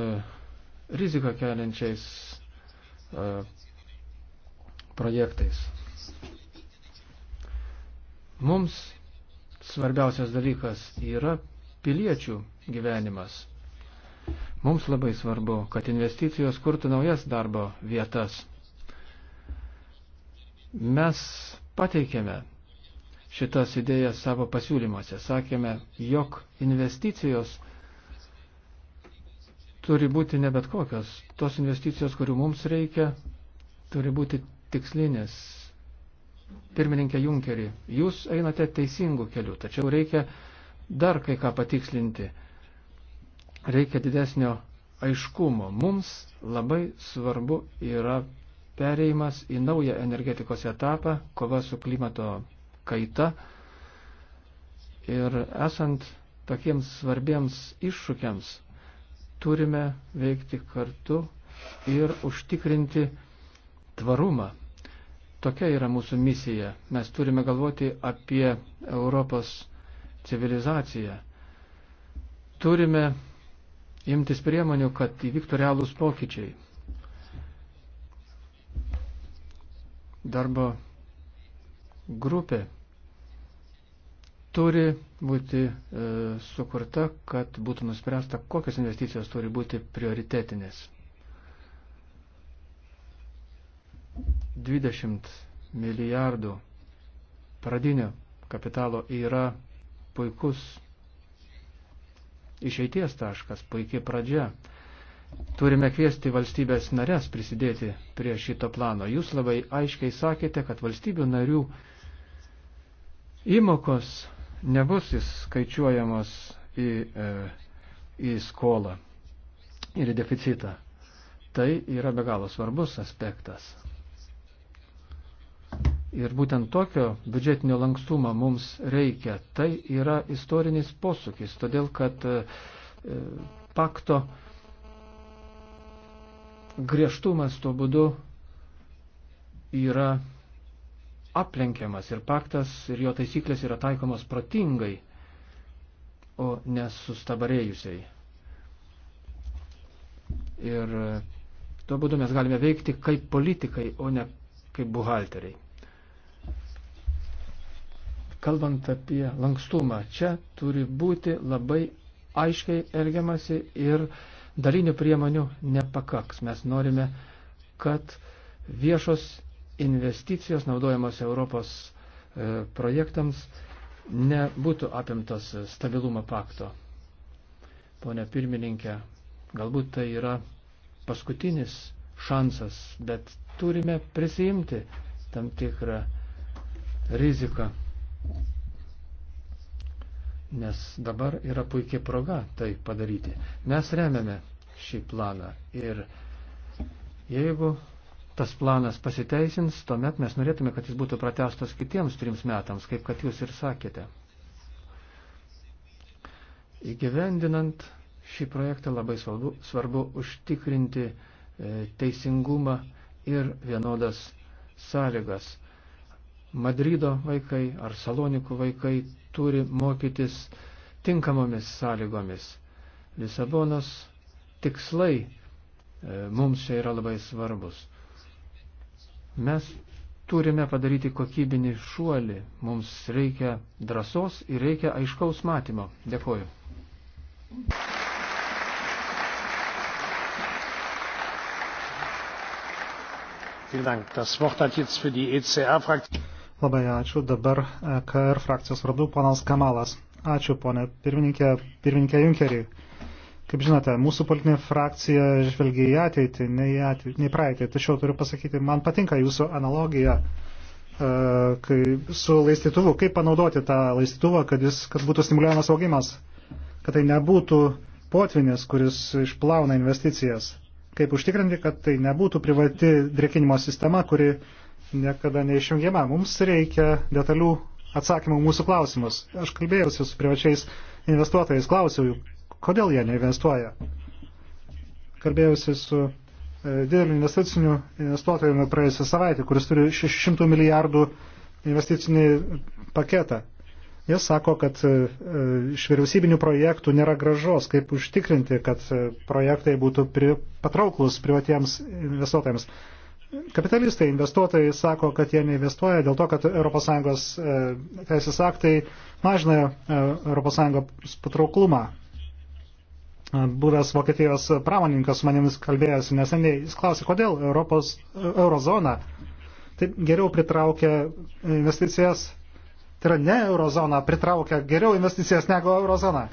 Speaker 3: riziką keliančiais e, projektais. Mums svarbiausias dalykas yra piliečių gyvenimas. Mums labai svarbu, kad investicijos kurtų naujas darbo vietas. Mes pateikėme šitas idėjas savo pasiūlymuose. Sakėme, jog investicijos turi būti ne bet kokios. Tos investicijos, kurių mums reikia, turi būti tikslinės pirmininkė Junkerį, jūs einate teisingų kelių, tačiau reikia dar kai ką patikslinti. Reikia didesnio aiškumo. Mums labai svarbu yra pereimas į naują energetikos etapą, kova su klimato kaita. Ir esant tokiems svarbiems iššūkiams, turime veikti kartu ir užtikrinti tvarumą Tokia yra mūsų misija. Mes turime galvoti apie Europos civilizaciją. Turime imtis priemonių, kad įvyktų realūs pokyčiai. Darbo grupė turi būti e, sukurta, kad būtų nuspręsta, kokios investicijos turi būti prioritetinės. 20 milijardų pradinio kapitalo yra puikus išeities taškas, puikiai pradžia. Turime kviesti valstybės narės prisidėti prie šito plano. Jūs labai aiškiai sakėte, kad valstybių narių įmokos nebus įskaičiuojamos į, e, į skolą ir į deficitą. Tai yra be galo svarbus aspektas. Ir būtent tokio biudžetinio lankstumo mums reikia. Tai yra istorinis posūkis, todėl kad e, e, pakto griežtumas tuo būdu yra aplenkiamas ir paktas ir jo taisyklės yra taikomos protingai, o nesustabarėjusiai. Ir e, tuo būdu mes galime veikti kaip politikai, o ne kaip buhalteriai kalbant apie lankstumą, čia turi būti labai aiškiai elgiamasi ir dalinių priemonių nepakaks. Mes norime, kad viešos investicijos naudojamos Europos e, projektams nebūtų apimtos stabilumo pakto. Pone pirmininkė, galbūt tai yra paskutinis šansas, bet turime prisijimti tam tikrą riziką nes dabar yra puikia proga tai padaryti. Mes remiame šį planą ir jeigu tas planas pasiteisins, tuomet mes norėtume, kad jis būtų pratestas kitiems trims metams, kaip kad jūs ir sakėte. Įgyvendinant šį projektą labai svarbu, svarbu užtikrinti e, teisingumą ir vienodas sąlygas. Madrido vaikai ar Salonikų vaikai turi mokytis tinkamomis sąlygomis. Lisabonos tikslai e, mums čia yra labai svarbus. Mes turime padaryti kokybinį šuolį. Mums reikia drąsos ir reikia aiškaus matymo. Dėkuoju.
Speaker 1: Vielen Dank. Das Wort hat jetzt für die ECR-Fraktion. Labai ačiū. Dabar e, KR frakcijos vardu ponas Kamalas. Ačiū, ponė pirmininkė, pirmininkė Junkerį. Kaip žinote, mūsų politinė frakcija žvelgia į ateitį, ne į ateitį, ne į praeitį. Tačiau turiu pasakyti, man patinka jūsų analogija e, kai, su laistytuvu. Kaip panaudoti tą laistytuvą, kad, jis, kad būtų stimuliuojamas augimas, kad tai nebūtų potvinis, kuris išplauna investicijas. Kaip užtikrinti, kad tai nebūtų privati drėkinimo sistema, kuri uh, niekada neišjungiama. Mums reikia detalių atsakymų mūsų klausimus. Aš kalbėjausi su privačiais investuotojais, klausiau jų, kodėl jie neinvestuoja. Kalbėjausi su e, dideliu investiciniu investuotojumi praėjusią savaitę, kuris turi 600 milijardų investicinį paketą. Jie sako, kad e, e, iš vyriausybinių projektų nėra gražos, kaip užtikrinti, kad projektai būtų pri, patrauklus privatiems investuotojams. Kapitalistai, investuotojai sako, kad jie neinvestuoja dėl to, kad ES e, teisės aktai mažina ES patrauklumą. E, buvęs Vokietijos pramoninkas su manimis kalbėjosi neseniai. Jis klausė, kodėl Europos, e, eurozona taip geriau pritraukia investicijas, tai yra ne eurozona, pritraukia geriau investicijas negu eurozona.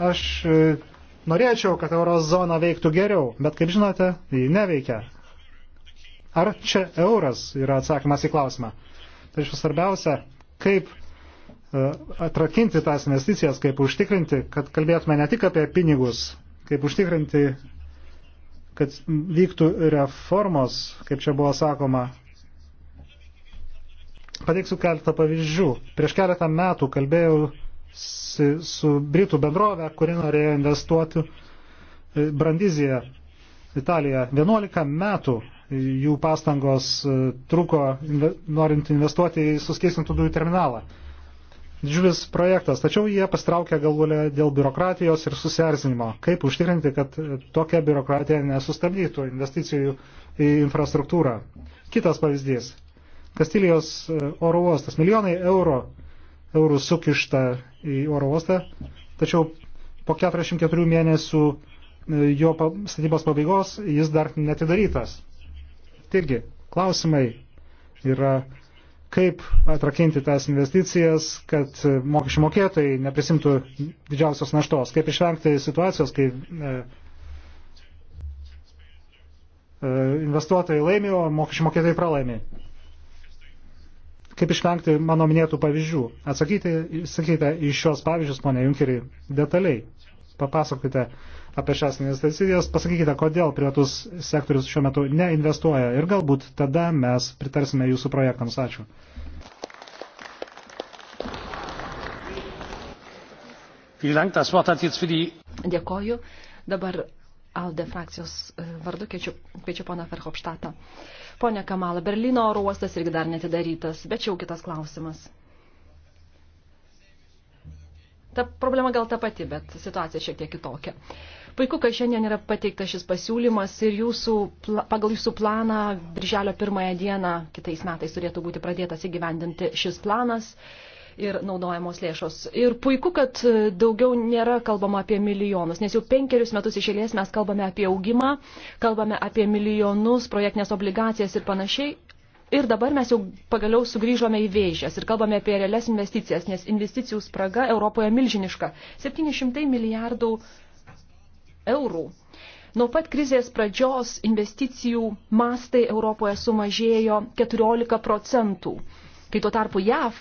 Speaker 1: Aš norėčiau, kad eurozona veiktų geriau, bet kaip žinote, ji neveikia. Ar čia euras yra atsakymas į klausimą? Tačiau svarbiausia, kaip e, atrakinti tas investicijas, kaip užtikrinti, kad kalbėtume ne tik apie pinigus, kaip užtikrinti, kad vyktų reformos, kaip čia buvo sakoma. Pateiksiu keletą pavyzdžių. Prieš keletą metų kalbėjau su Britų bendrovė, kuri norėjo investuoti e, Brandiziją Italiją. 11 metų jų pastangos e, truko inve, norint investuoti į suskėsintų dujų terminalą. Didžiulis projektas, tačiau jie pastraukė galvulę dėl biurokratijos ir susierzinimo. Kaip užtikrinti, kad e, tokia biurokratija nesustabdytų investicijų į infrastruktūrą? Kitas pavyzdys. Kastilijos e, oro uostas. Milijonai euro, eurų sukišta į oro uostą, tačiau po 44 mėnesių jo statybos pabaigos jis dar netidarytas. Taigi, klausimai yra, kaip atrakinti tas investicijas, kad mokesčių mokėtojai neprisimtų didžiausios naštos, kaip išvengti situacijos, kai e, e investuotojai laimi, o mokesčių mokėtojai pralaimi. Kaip išvengti mano minėtų pavyzdžių? Atsakykite į šios pavyzdžius, ponia Junkeriai, detaliai. Papasakokite, apie šias investicijas. Pasakykite, kodėl privatus sektorius šiuo metu neinvestuoja ir galbūt tada mes pritarsime jūsų projektams. Ačiū.
Speaker 2: Dėkoju. Dabar Alde frakcijos e, vardu kviečiu, kviečiu poną Ferhopštatą. Pone Kamala, Berlyno oro uostas irgi dar netidarytas, bet čia jau kitas klausimas. Ta problema gal ta pati, bet situacija šiek tiek kitokia. Puiku, kad šiandien yra pateiktas šis pasiūlymas ir jūsų, pagal jūsų planą birželio pirmąją dieną kitais metais turėtų būti pradėtas įgyvendinti šis planas ir naudojamos lėšos. Ir puiku, kad daugiau nėra kalbama apie milijonus, nes jau penkerius metus iš eilės mes kalbame apie augimą, kalbame apie milijonus, projektinės obligacijas ir panašiai. Ir dabar mes jau pagaliau sugrįžome į vėžės ir kalbame apie realias investicijas, nes investicijų spraga Europoje milžiniška. 700 milijardų eurų eurų. Nuo pat krizės pradžios investicijų mastai Europoje sumažėjo 14 procentų, kai tuo tarpu JAV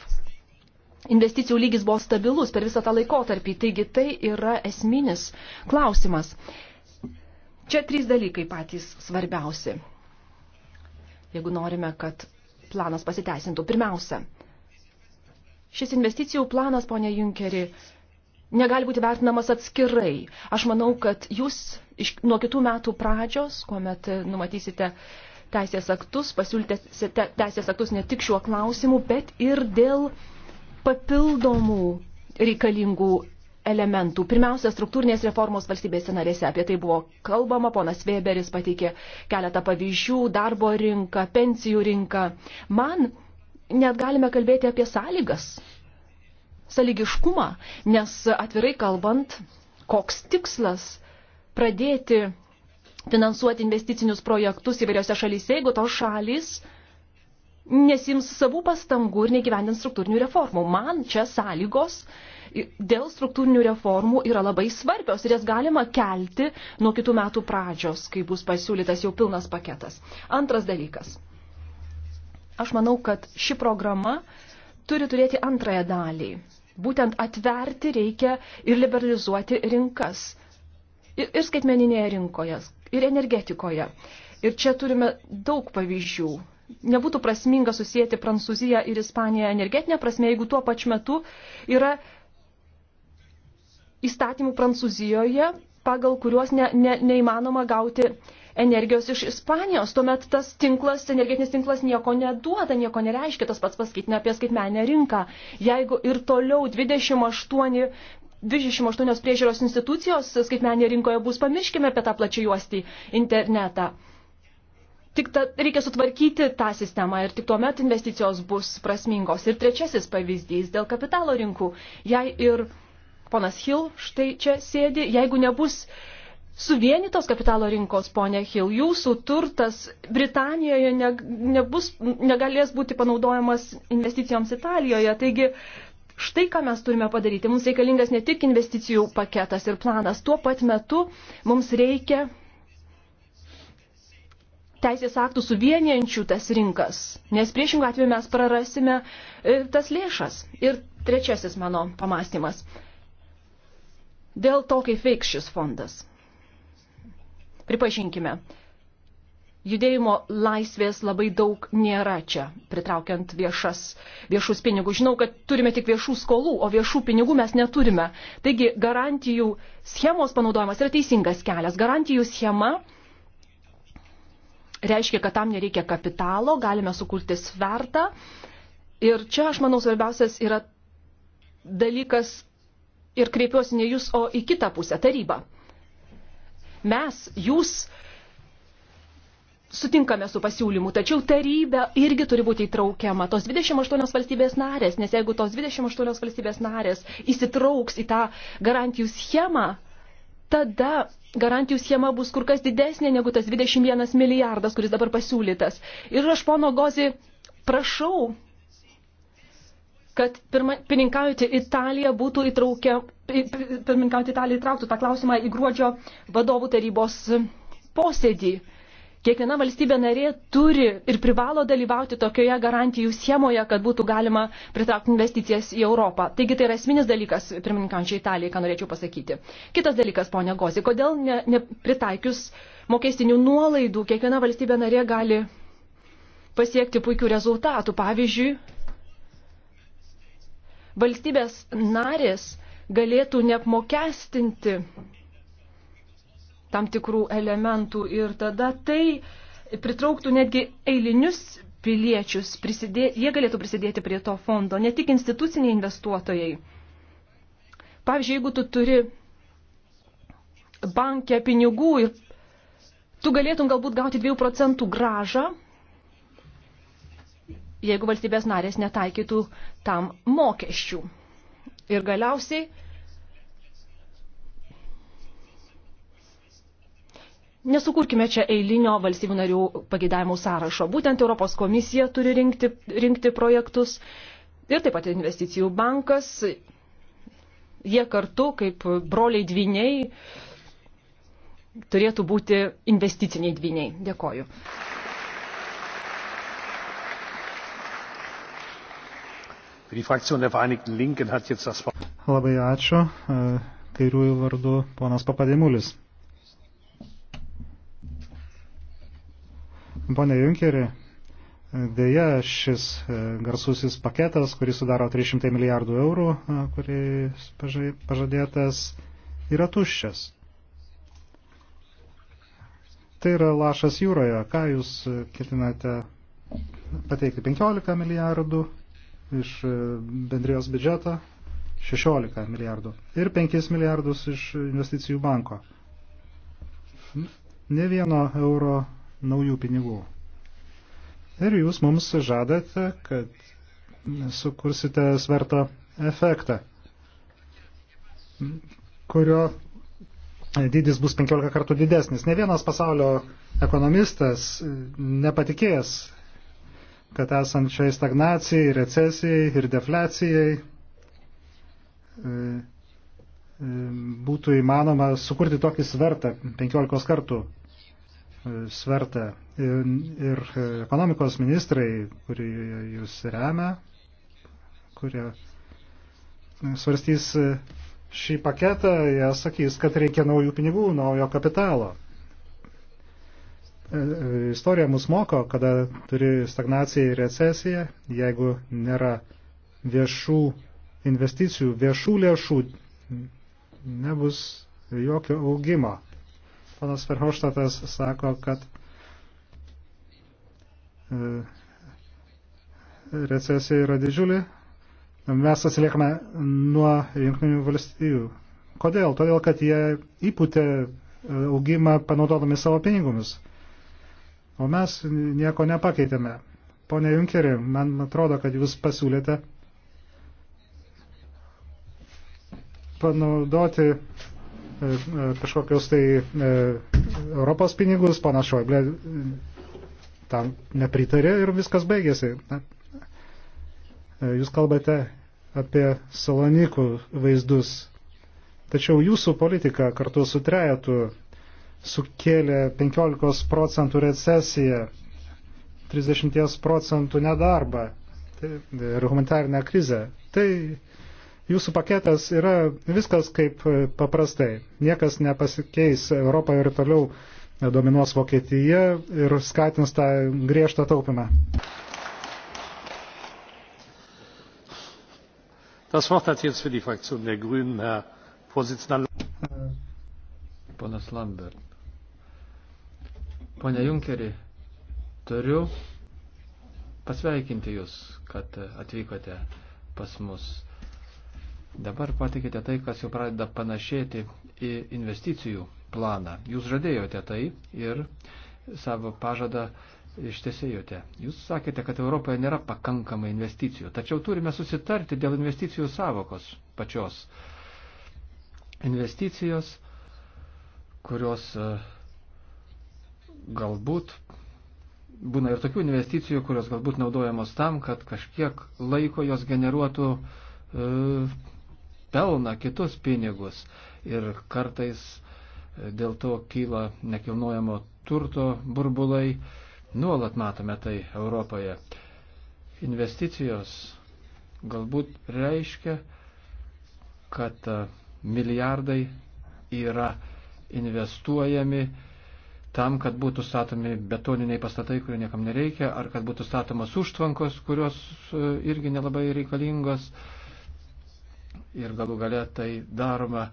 Speaker 2: investicijų lygis buvo stabilus per visą tą laikotarpį. Taigi tai yra esminis klausimas. Čia trys dalykai patys svarbiausi, jeigu norime, kad planas pasiteisintų. Pirmiausia, šis investicijų planas, ponė Junkeri, negali būti vertinamas atskirai. Aš manau, kad jūs iš, nuo kitų metų pradžios, kuomet e, numatysite teisės aktus, pasiūlysite teisės aktus ne tik šiuo klausimu, bet ir dėl papildomų reikalingų elementų. Pirmiausia, struktūrinės reformos valstybėse narėse. Apie tai buvo kalbama, ponas Weberis pateikė keletą pavyzdžių, darbo rinką, pensijų rinką. Man net galime kalbėti apie sąlygas saligiškumą, nes atvirai kalbant, koks tikslas pradėti finansuoti investicinius projektus įvairiose šalyse, jeigu tos šalys nesims savų pastangų ir negyvendins struktūrinių reformų. Man čia sąlygos dėl struktūrinių reformų yra labai svarbios ir jas galima kelti nuo kitų metų pradžios, kai bus pasiūlytas jau pilnas paketas. Antras dalykas. Aš manau, kad ši programa turi turėti antrąją dalį. Būtent atverti reikia ir liberalizuoti rinkas. Ir, ir skaitmeninėje rinkoje, ir energetikoje. Ir čia turime daug pavyzdžių. Nebūtų prasminga susijęti Prancūziją ir Ispaniją energetinę prasme, jeigu tuo pačiu metu yra įstatymų Prancūzijoje, pagal kuriuos ne, ne, neįmanoma gauti uh, energijos iš Ispanijos. Tuomet tas tinklas, energetinis tinklas nieko neduoda, nieko nereiškia, tas pats paskaitinė apie skaitmenę rinką. Jeigu ir toliau 28 28 priežiūros institucijos skaitmenėje rinkoje bus, pamirškime apie tą plačią juostį internetą. Tik ta, reikia sutvarkyti tą sistemą ir tik tuomet investicijos bus prasmingos. Ir trečiasis pavyzdys dėl kapitalo rinkų. Jei ir ponas Hill štai čia sėdi, jeigu nebus uh, suvienytos kapitalo rinkos, ponė Hill. Jūsų turtas Britanijoje ne, nebus, negalės būti panaudojamas investicijoms Italijoje. Taigi, štai ką mes turime padaryti. Mums reikalingas ne tik investicijų paketas ir planas. Tuo pat metu mums reikia teisės aktų suvienijančių tas rinkas, nes priešingų atveju mes prarasime e, tas lėšas. Ir trečiasis mano pamastymas. Dėl to, kaip veiks šis fondas. Pripažinkime, judėjimo laisvės labai daug nėra čia, pritraukiant viešas, viešus pinigus. Žinau, kad turime tik viešų skolų, o viešų pinigų mes neturime. Taigi garantijų schemos panaudojimas yra teisingas kelias. Garantijų schema reiškia, kad tam nereikia kapitalo, galime sukurti svertą. Ir čia, aš manau, svarbiausias yra dalykas ir kreipiuosi ne jūs, o į kitą pusę tarybą mes, jūs sutinkame su pasiūlymu, tačiau taryba irgi turi būti įtraukiama. Tos 28 valstybės narės, nes jeigu tos 28 valstybės narės įsitrauks į tą garantijų schemą, tada garantijų schema bus kur kas didesnė negu tas 21 milijardas, kuris dabar pasiūlytas. Ir aš pono Gozi prašau, kad pirma, pininkauti Italija būtų įtraukia, pirmininkant Italija įtrauktų tą klausimą į gruodžio vadovų tarybos posėdį. Kiekviena valstybė narė turi ir privalo dalyvauti tokioje garantijų schemoje, kad būtų galima pritraukti investicijas į Europą. Taigi tai yra esminis dalykas, pirmininkančiai Italijai, ką norėčiau pasakyti. Kitas dalykas, ponia Gozi, kodėl nepritaikius ne, ne mokestinių nuolaidų kiekviena valstybė narė gali pasiekti puikių rezultatų. Pavyzdžiui, valstybės narės galėtų neapmokestinti tam tikrų elementų ir tada tai pritrauktų netgi eilinius piliečius, prisidė, jie galėtų prisidėti prie to fondo, ne tik instituciniai investuotojai. Pavyzdžiui, jeigu tu turi bankę pinigų ir tu galėtum galbūt gauti 2 procentų gražą, jeigu valstybės narės netaikytų tam mokesčių. Ir galiausiai nesukurkime čia eilinio valstybių narių pagėdavimų sąrašo. Būtent Europos komisija turi rinkti, rinkti projektus ir taip pat investicijų bankas. Jie kartu, kaip broliai dviniai, turėtų būti investiciniai dviniai. Dėkoju.
Speaker 1: Labai ačiū. E, kairiųjų vardu ponas Papadimulis. Pone Junkeri, e, dėja šis e, garsusis paketas, kuris sudaro 300 milijardų eurų, kuris pažadėtas, yra tuščias. Tai yra lašas jūroje. Ką jūs ketinate pateikti? 15 milijardų iš e, bendrijos biudžeto 16 milijardų ir 5 milijardus iš investicijų banko. Ne vieno euro naujų pinigų. Ir jūs mums žadate, kad sukursite sverto efektą, kurio dydis bus 15 kartų didesnis. Ne vienas pasaulio ekonomistas nepatikėjęs kad esant šiai stagnacijai, recesijai ir deflecijai e, e, būtų įmanoma sukurti tokį svertą, 15 kartų e, svertą. Ir ekonomikos ministrai, kurį jūs remia, kurie svarstys šį paketą, jie sakys, kad reikia naujų pinigų, naujo kapitalo istorija mus moko, kada turi stagnaciją ir recesiją, jeigu nėra viešų investicijų, viešų lėšų, nebus jokio augimo. Panas Verhoštatas sako, kad e, recesija yra didžiulė, mes atsiliekame nuo jungtinių valstybių. Kodėl? Todėl, kad jie įputė e, augimą panaudodami savo pinigumis o mes nieko nepakeitėme. Pone Junkeri, man atrodo, kad jūs pasiūlėte panaudoti e, e, kažkokius tai e, Europos pinigus, pana Šoiblė tam nepritarė ir viskas baigėsi. Jūs kalbate apie Salonikų vaizdus, tačiau jūsų politika kartu su trejetu sukėlė 15 procentų recesiją, 30 procentų nedarbą tai, ir humanitarinę krizę. Tai jūsų paketas yra viskas kaip paprastai. Niekas nepasikeis. Europoje ir toliau dominuos Vokietija ir skatins tą griežtą taupimą. Das Wort hat jetzt
Speaker 3: für die Fraktion der Grünen Herr Vorsitzender. Ponas Lambert.
Speaker 1: Pone Junkeri,
Speaker 3: turiu pasveikinti Jūs, kad atvykote pas mus. Dabar patikite tai, kas jau pradeda panašėti į investicijų planą. Jūs žadėjote tai ir savo pažadą ištesėjote. Jūs sakėte, kad Europoje nėra pakankamai investicijų, tačiau turime susitarti dėl investicijų savokos pačios. Investicijos, kurios uh, galbūt būna ir tokių investicijų, kurios galbūt naudojamos tam, kad kažkiek laiko jos generuotų e, pelną, kitus pinigus. Ir kartais e, dėl to kyla nekilnojamo turto burbulai. Nuolat matome tai Europoje. Investicijos galbūt reiškia, kad e, milijardai yra investuojami tam, kad būtų statomi betoniniai pastatai, kurių niekam nereikia, ar kad būtų statomas užtvankos, kurios e, irgi nelabai reikalingos. Ir galų gale tai daroma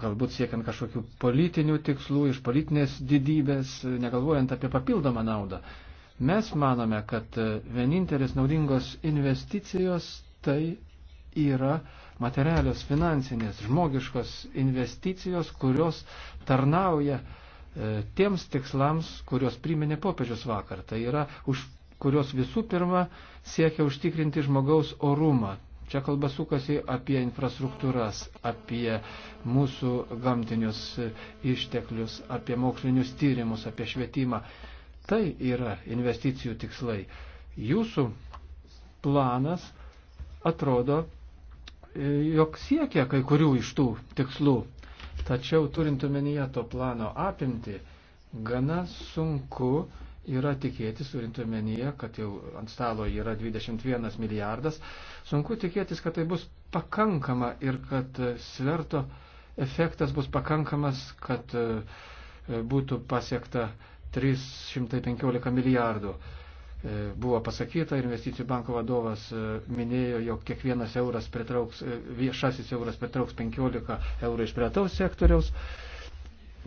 Speaker 3: galbūt siekiant kažkokių politinių tikslų, iš politinės didybės, negalvojant apie papildomą naudą. Mes manome, kad e, vienintelis naudingos investicijos tai yra materialios, finansinės, žmogiškos investicijos, kurios tarnauja uh, E, tiems tikslams, kuriuos priminė popiežius vakar. Tai yra, už, kurios visų pirma siekia užtikrinti žmogaus orumą. Čia kalba sukasi apie infrastruktūras, apie mūsų gamtinius išteklius, apie mokslinius tyrimus, apie švietimą. Tai yra investicijų tikslai. Jūsų planas atrodo, e, jog siekia kai kurių iš tų tikslų. Tačiau turint omenyje to plano apimti, gana sunku yra tikėtis, turint omenyje, kad jau ant stalo yra 21 milijardas, sunku tikėtis, kad tai bus pakankama ir kad e, sverto efektas bus pakankamas, kad e, būtų pasiekta 315 milijardų. E, buvo pasakyta, investicijų banko vadovas e, minėjo, jog kiekvienas euras pritrauks, e, viešasis euras pritrauks 15 eurų iš privataus sektoriaus.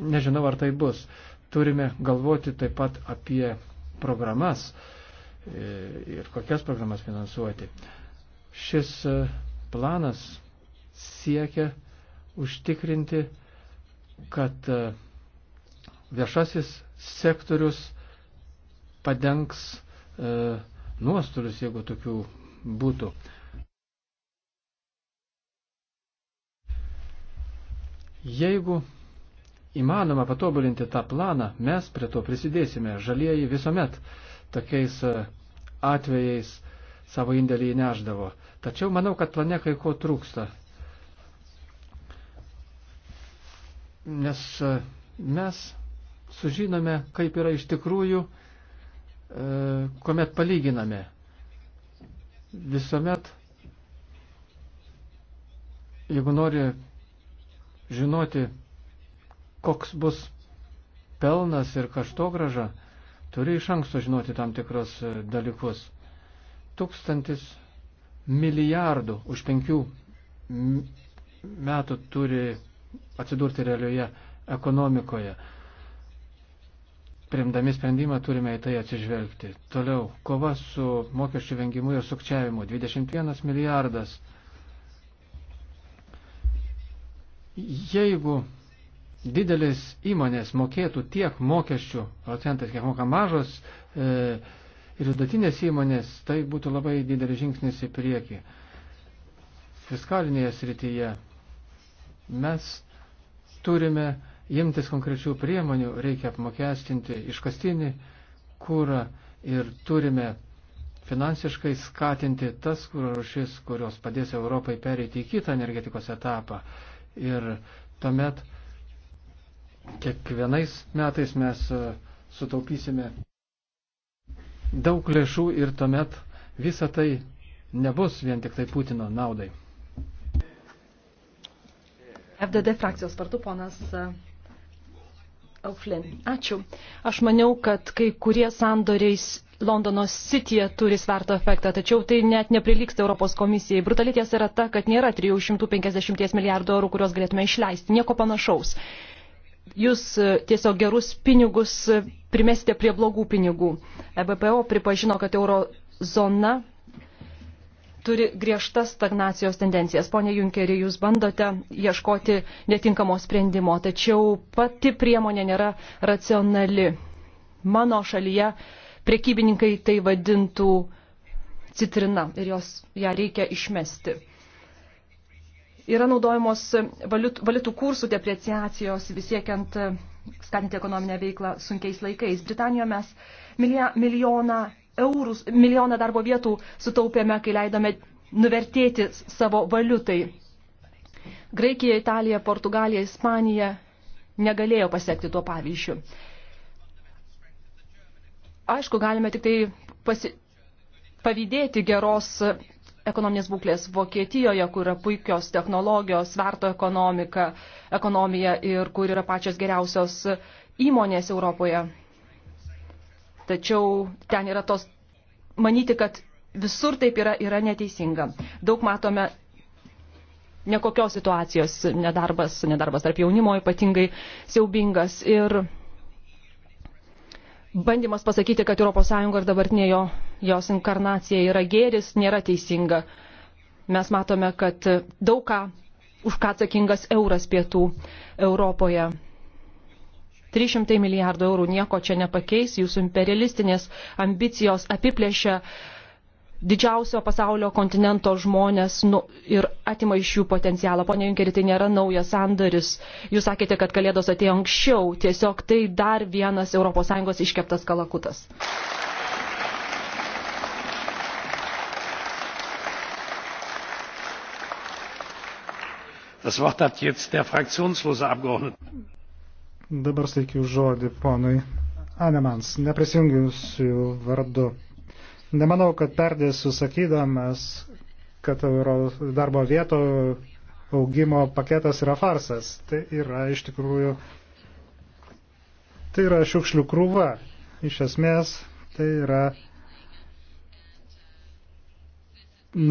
Speaker 3: Nežinau, ar tai bus. Turime galvoti taip pat apie programas ir kokias programas finansuoti. Šis planas siekia užtikrinti, kad viešasis sektorius padengs E, nuostolius, jeigu tokių būtų. Jeigu įmanoma patobulinti tą planą, mes prie to prisidėsime. Žalieji visuomet tokiais e, atvejais savo indėlį įneždavo. Tačiau manau, kad plane kai ko trūksta. Nes e, mes sužinome, kaip yra iš tikrųjų E, kuomet palyginame, visuomet, jeigu nori žinoti, koks bus pelnas ir kaštograža, turi iš anksto žinoti tam tikros e, dalykus. Tūkstantis milijardų už penkių metų turi atsidurti realioje ekonomikoje primdami sprendimą turime į tai atsižvelgti. Toliau, kova su mokesčių vengimu ir sukčiavimu. 21 milijardas. Jeigu didelis įmonės mokėtų tiek mokesčių procentais, kiek moka mažos e, ir vidutinės įmonės, tai būtų labai didelis žingsnis į priekį. Fiskalinėje srityje mes turime imtis konkrečių priemonių, reikia apmokestinti iškastinį kūrą ir turime finansiškai skatinti tas kūro rušis, kurios padės Europai pereiti į kitą energetikos etapą. Ir tuomet kiekvienais metais mes e, sutaupysime daug lėšų ir tuomet visa tai nebus vien tik tai Putino naudai.
Speaker 2: FDD frakcijos vardu ponas e, Auflin. Ačiū. Aš maniau, kad kai kurie sandoriais Londono Cityje turi sverto efektą, tačiau tai net neprilyksta Europos komisijai. Brutali tiesa yra ta, kad nėra 350 milijardų eurų, kuriuos galėtume išleisti. Nieko panašaus. Jūs e, tiesiog gerus pinigus primesite prie blogų pinigų. EBPO pripažino, kad euro zona turi griežtas stagnacijos tendencijas. Pone Junkeri, jūs bandote ieškoti netinkamo sprendimo, tačiau pati priemonė nėra racionali. Mano šalyje prekybininkai tai vadintų citrina ir jos, ją reikia išmesti. Yra naudojamos valiutų, valiutų kursų depreciacijos visiekiant skatinti ekonominę veiklą sunkiais laikais. Britanijoje mes milijoną eurų, milijoną darbo vietų sutaupėme, kai leidome nuvertėti savo valiutai. Graikija, Italija, Portugalija, Ispanija negalėjo pasiekti tuo pavyzdžiu. Aišku, galime tik tai pasi... pavydėti geros ekonominės būklės Vokietijoje, kur yra puikios technologijos, sverto ekonomika, ekonomija ir kur yra pačios geriausios įmonės Europoje. Tačiau ten yra tos, manyti, kad visur taip yra, yra neteisinga. Daug matome nekokios situacijos nedarbas, nedarbas tarp jaunimo ypatingai siaubingas ir bandymas pasakyti, kad ES ir dabartinė jo, jos inkarnacija yra gėris, nėra teisinga. Mes matome, kad daug ką, už ką atsakingas euras pietų Europoje 300 milijardų eurų nieko čia nepakeis, jūsų imperialistinės ambicijos apiplėšia didžiausio pasaulio kontinento žmonės nu, ir atima iš jų potencialą. Pone Junkeri, tai nėra naujas sandaris. Jūs sakėte, kad kalėdos atėjo anksčiau. Tiesiog tai dar vienas ES iškeptas kalakutas.
Speaker 1: Das Wort hat jetzt der fraktionslose Abgeordnete. Dabar sveikiu žodį ponui Anemans, neprisijungiusiu vardu. Nemanau, kad perdėsiu sakydamas, kad euro darbo vieto augimo paketas yra farsas. Tai yra iš tikrųjų, tai yra šiukšlių krūva. Iš esmės, tai yra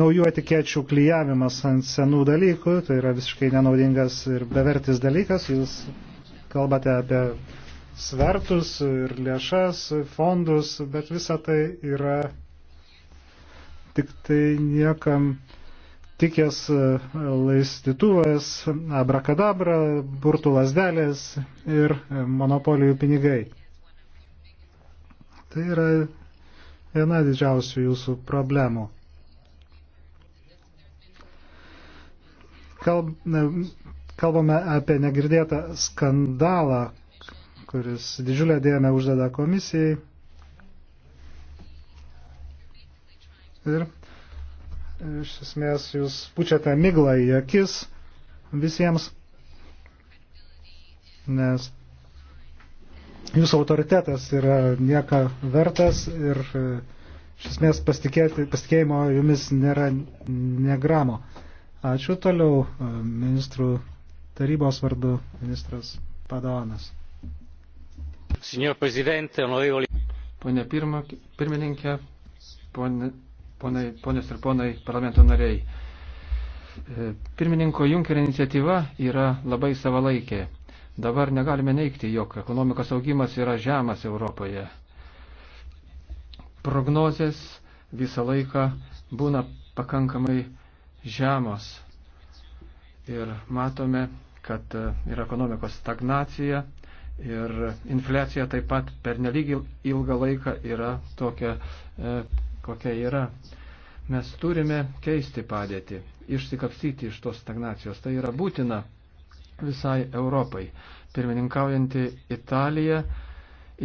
Speaker 1: naujų etikečių klyjavimas ant senų dalykų, tai yra visiškai nenaudingas ir bevertis dalykas, jūs kalbate apie svertus ir lėšas, fondus, bet visa tai yra tik tai niekam tikės e, laistituvas, abrakadabra, burtų lasdelės ir e, monopolijų pinigai. Tai yra viena didžiausių jūsų problemų. Kalb, Kalbame apie negirdėtą skandalą, kuris didžiulę dėmę uždeda komisijai. Ir iš esmės jūs pučiate miglą į akis visiems, nes jūsų autoritetas yra nieka vertas ir e, iš esmės pasitikėjimo jumis nėra negramo. Ačiū toliau e, ministrų tarybos vardu ministras Padaonas. Pone pirma, pirmininkė,
Speaker 3: pone, ponai, ponios ir ponai parlamento nariai. E, pirmininko Junkerio iniciatyva yra labai savalaikė. Dabar negalime neikti, jog ekonomikos augimas yra žemas Europoje. Prognozės visą laiką būna pakankamai žemos. Ir matome, kad e, yra ekonomikos stagnacija ir infliacija taip pat per nelyg ilgą laiką yra tokia, e, kokia yra. Mes turime keisti padėtį, išsikapsyti iš tos stagnacijos. Tai yra būtina visai Europai. Pirmininkaujanti Italija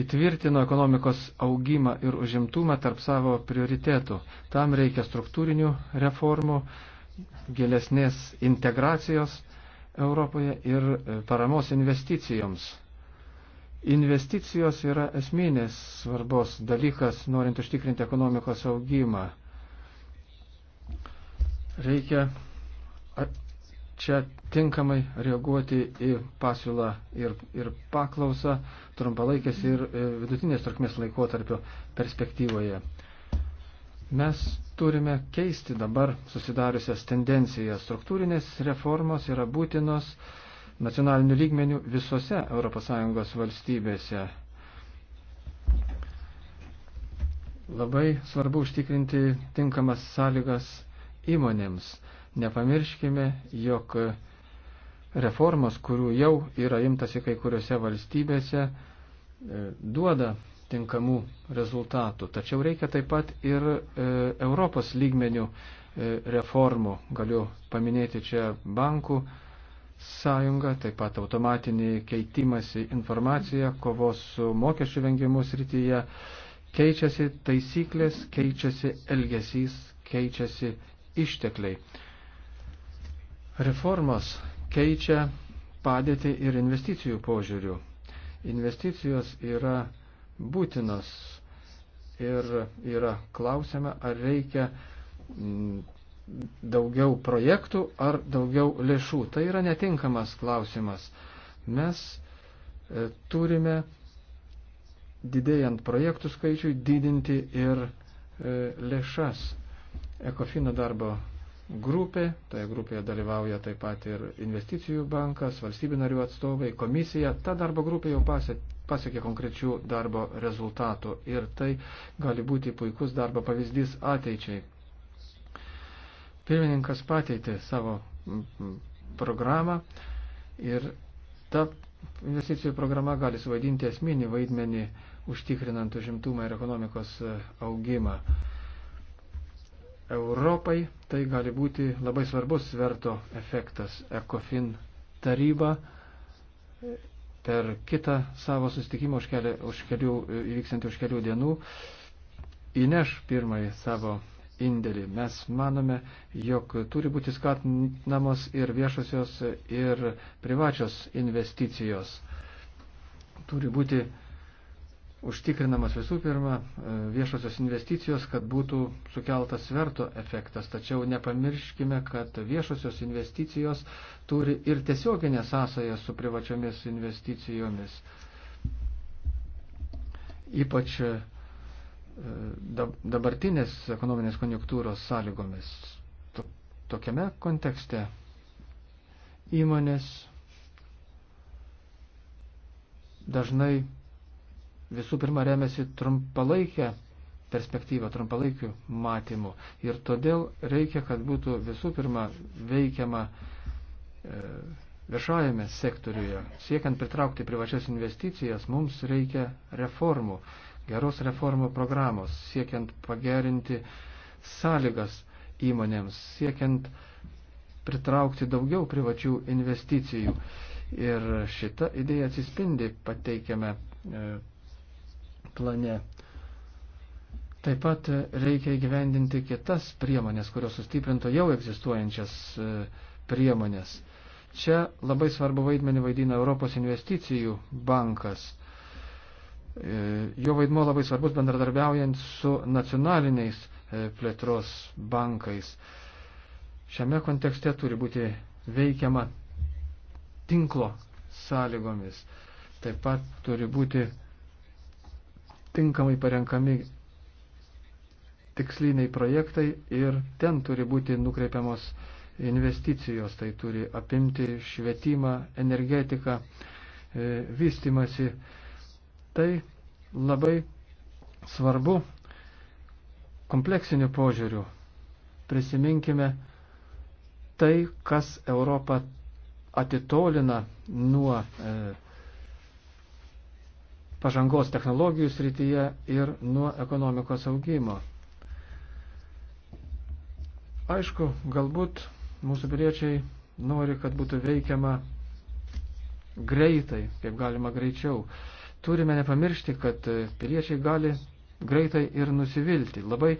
Speaker 3: įtvirtino ekonomikos augimą ir užimtumą tarp savo prioritėtų. Tam reikia struktūrinių reformų, gilesnės integracijos Europoje ir e, paramos investicijoms. Investicijos yra esminės svarbos dalykas, norint užtikrinti ekonomikos augimą. Reikia čia tinkamai reaguoti į pasiūlą ir, ir paklausą trumpalaikės ir e, vidutinės trukmės laikotarpio perspektyvoje. Mes turime keisti dabar susidariusias tendencijas. Struktūrinės reformos yra būtinos nacionalinių lygmenių visose ES valstybėse. Labai svarbu užtikrinti tinkamas sąlygas įmonėms. Nepamirškime, jog reformos, kurių jau yra imtasi kai kuriuose valstybėse, duoda tinkamų rezultatų. Tačiau reikia taip pat ir e, Europos lygmenių e, reformų. Galiu paminėti čia bankų sąjungą, taip pat automatinį keitimąsi informaciją, kovos su mokesčių vengimu srityje. Keičiasi taisyklės, keičiasi elgesys, keičiasi ištekliai. Reformos keičia padėtį ir investicijų požiūrių. Investicijos yra būtinos. Ir yra klausime, ar reikia mm, daugiau projektų ar daugiau lėšų. Tai yra netinkamas klausimas. Mes e, turime didėjant projektų skaičiui didinti ir e, lėšas. Ekofino darbo grupė, toje grupėje dalyvauja taip pat ir investicijų bankas, valstybių narių atstovai, komisija. Ta darbo grupė jau pasė pasiekė konkrečių darbo rezultatų ir tai gali būti puikus darbo pavyzdys ateičiai. Pirmininkas pateitė savo programą ir ta investicijų programa gali suvaidinti esminį vaidmenį užtikrinant užimtumą ir ekonomikos e, augimą. Europai tai gali būti labai svarbus sverto efektas. ECOFIN taryba per kitą savo susitikimą už, keli, už kelių, įvyksantį už kelių dienų įneš pirmąjį savo indėlį. Mes manome, jog turi būti skatinamos ir viešosios, ir privačios investicijos. Turi būti užtikrinamas visų pirma e, viešosios investicijos, kad būtų sukeltas sverto efektas. Tačiau nepamirškime, kad viešosios investicijos turi ir tiesioginę sąsąją su privačiomis investicijomis. Ypač e, dabartinės ekonominės konjunktūros sąlygomis. Tokiame kontekste įmonės dažnai visų pirma remiasi trumpalaikę perspektyvą, trumpalaikių matymų. Ir todėl reikia, kad būtų visų pirma veikiama e, viešajame sektoriuje. Siekiant pritraukti privačias investicijas, mums reikia reformų, geros reformų programos, siekiant pagerinti sąlygas įmonėms, siekiant pritraukti daugiau privačių investicijų. Ir šita idėja atsispindi pateikiame e, plane. Taip pat reikia įgyvendinti kitas priemonės, kurios sustiprinto jau egzistuojančias e, priemonės. Čia labai svarbu vaidmenį vaidina Europos investicijų bankas. E, jo vaidmo labai svarbus bendradarbiaujant su nacionaliniais e, plėtros bankais. Šiame kontekste turi būti veikiama tinklo sąlygomis. Taip pat turi būti tinkamai parenkami tiksliniai projektai ir ten turi būti nukreipiamos investicijos, tai turi apimti švietimą, energetiką, e, vystimasi. Tai labai svarbu kompleksiniu požiūriu. Prisiminkime tai, kas Europą atitolina nuo e, pažangos technologijų srityje ir nuo ekonomikos augimo. Aišku, galbūt mūsų piliečiai nori, kad būtų veikiama greitai, kaip galima greičiau. Turime nepamiršti, kad piliečiai gali greitai ir nusivilti. Labai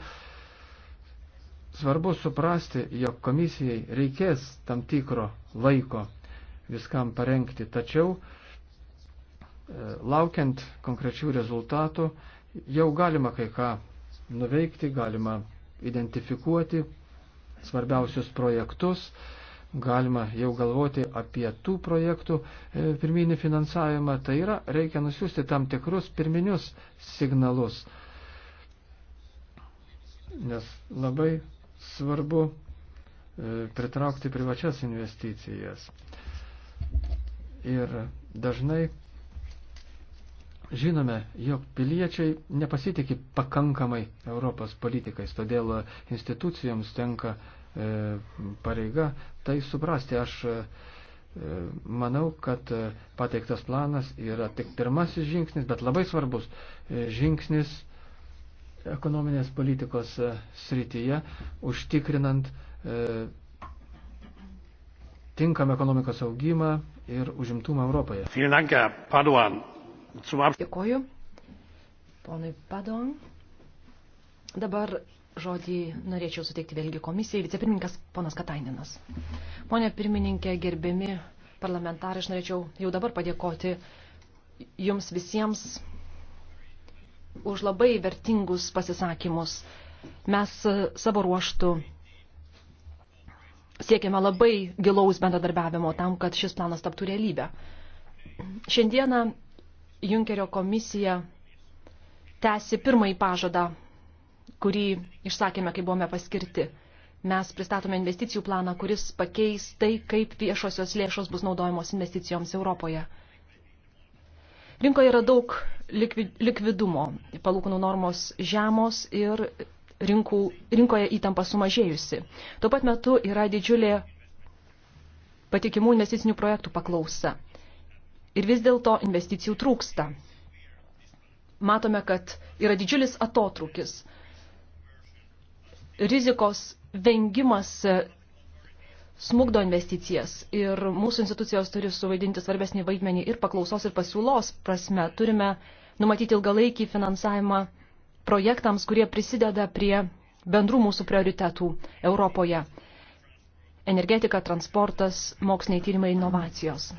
Speaker 3: svarbu suprasti, jog komisijai reikės tam tikro laiko viskam parengti. Tačiau laukiant konkrečių rezultatų, jau galima kai ką nuveikti, galima identifikuoti svarbiausius projektus, galima jau galvoti apie tų projektų e, pirminį finansavimą. Tai yra, reikia nusiųsti tam tikrus pirminius signalus. Nes labai svarbu e, pritraukti privačias investicijas. Ir dažnai Žinome, jog piliečiai nepasitikė pakankamai Europos politikais, todėl institucijoms tenka e, pareiga tai suprasti. Aš e, manau, kad e, pateiktas planas yra tik pirmasis žingsnis, bet labai svarbus e, žingsnis ekonominės politikos e, srityje, užtikrinant e, tinkamą ekonomikos augimą ir užimtumą Europoje.
Speaker 2: Vielen Dank, Herr Paduan. Dėkoju. Ponui Padon. Dabar žodį norėčiau suteikti vėlgi komisijai. Vicepirmininkas ponas Katainenas. Pone pirmininkė, gerbiami parlamentarai, aš norėčiau jau dabar padėkoti jums visiems už labai vertingus pasisakymus. Mes savo ruoštų siekiame labai gilaus bendradarbiavimo tam, kad šis planas taptų realybę. Šiandieną Junkerio komisija tęsi pirmąjį pažadą, kurį išsakėme, kai buvome paskirti. Mes pristatome investicijų planą, kuris pakeis tai, kaip viešosios lėšos bus naudojamos investicijoms Europoje. Rinkoje yra daug likvidumo, palūkanų normos žemos ir rinkų, rinkoje įtampa sumažėjusi. Tuo pat metu yra didžiulė patikimų investicinių projektų paklausa ir vis dėlto investicijų trūksta. Matome, kad yra didžiulis atotrūkis. Rizikos vengimas smugdo investicijas ir mūsų institucijos turi suvaidinti svarbesnį vaidmenį ir paklausos ir pasiūlos prasme. Turime numatyti ilgalaikį finansavimą projektams, kurie prisideda prie bendrų mūsų prioritetų Europoje. Energetika, transportas, moksliniai tyrimai, inovacijos.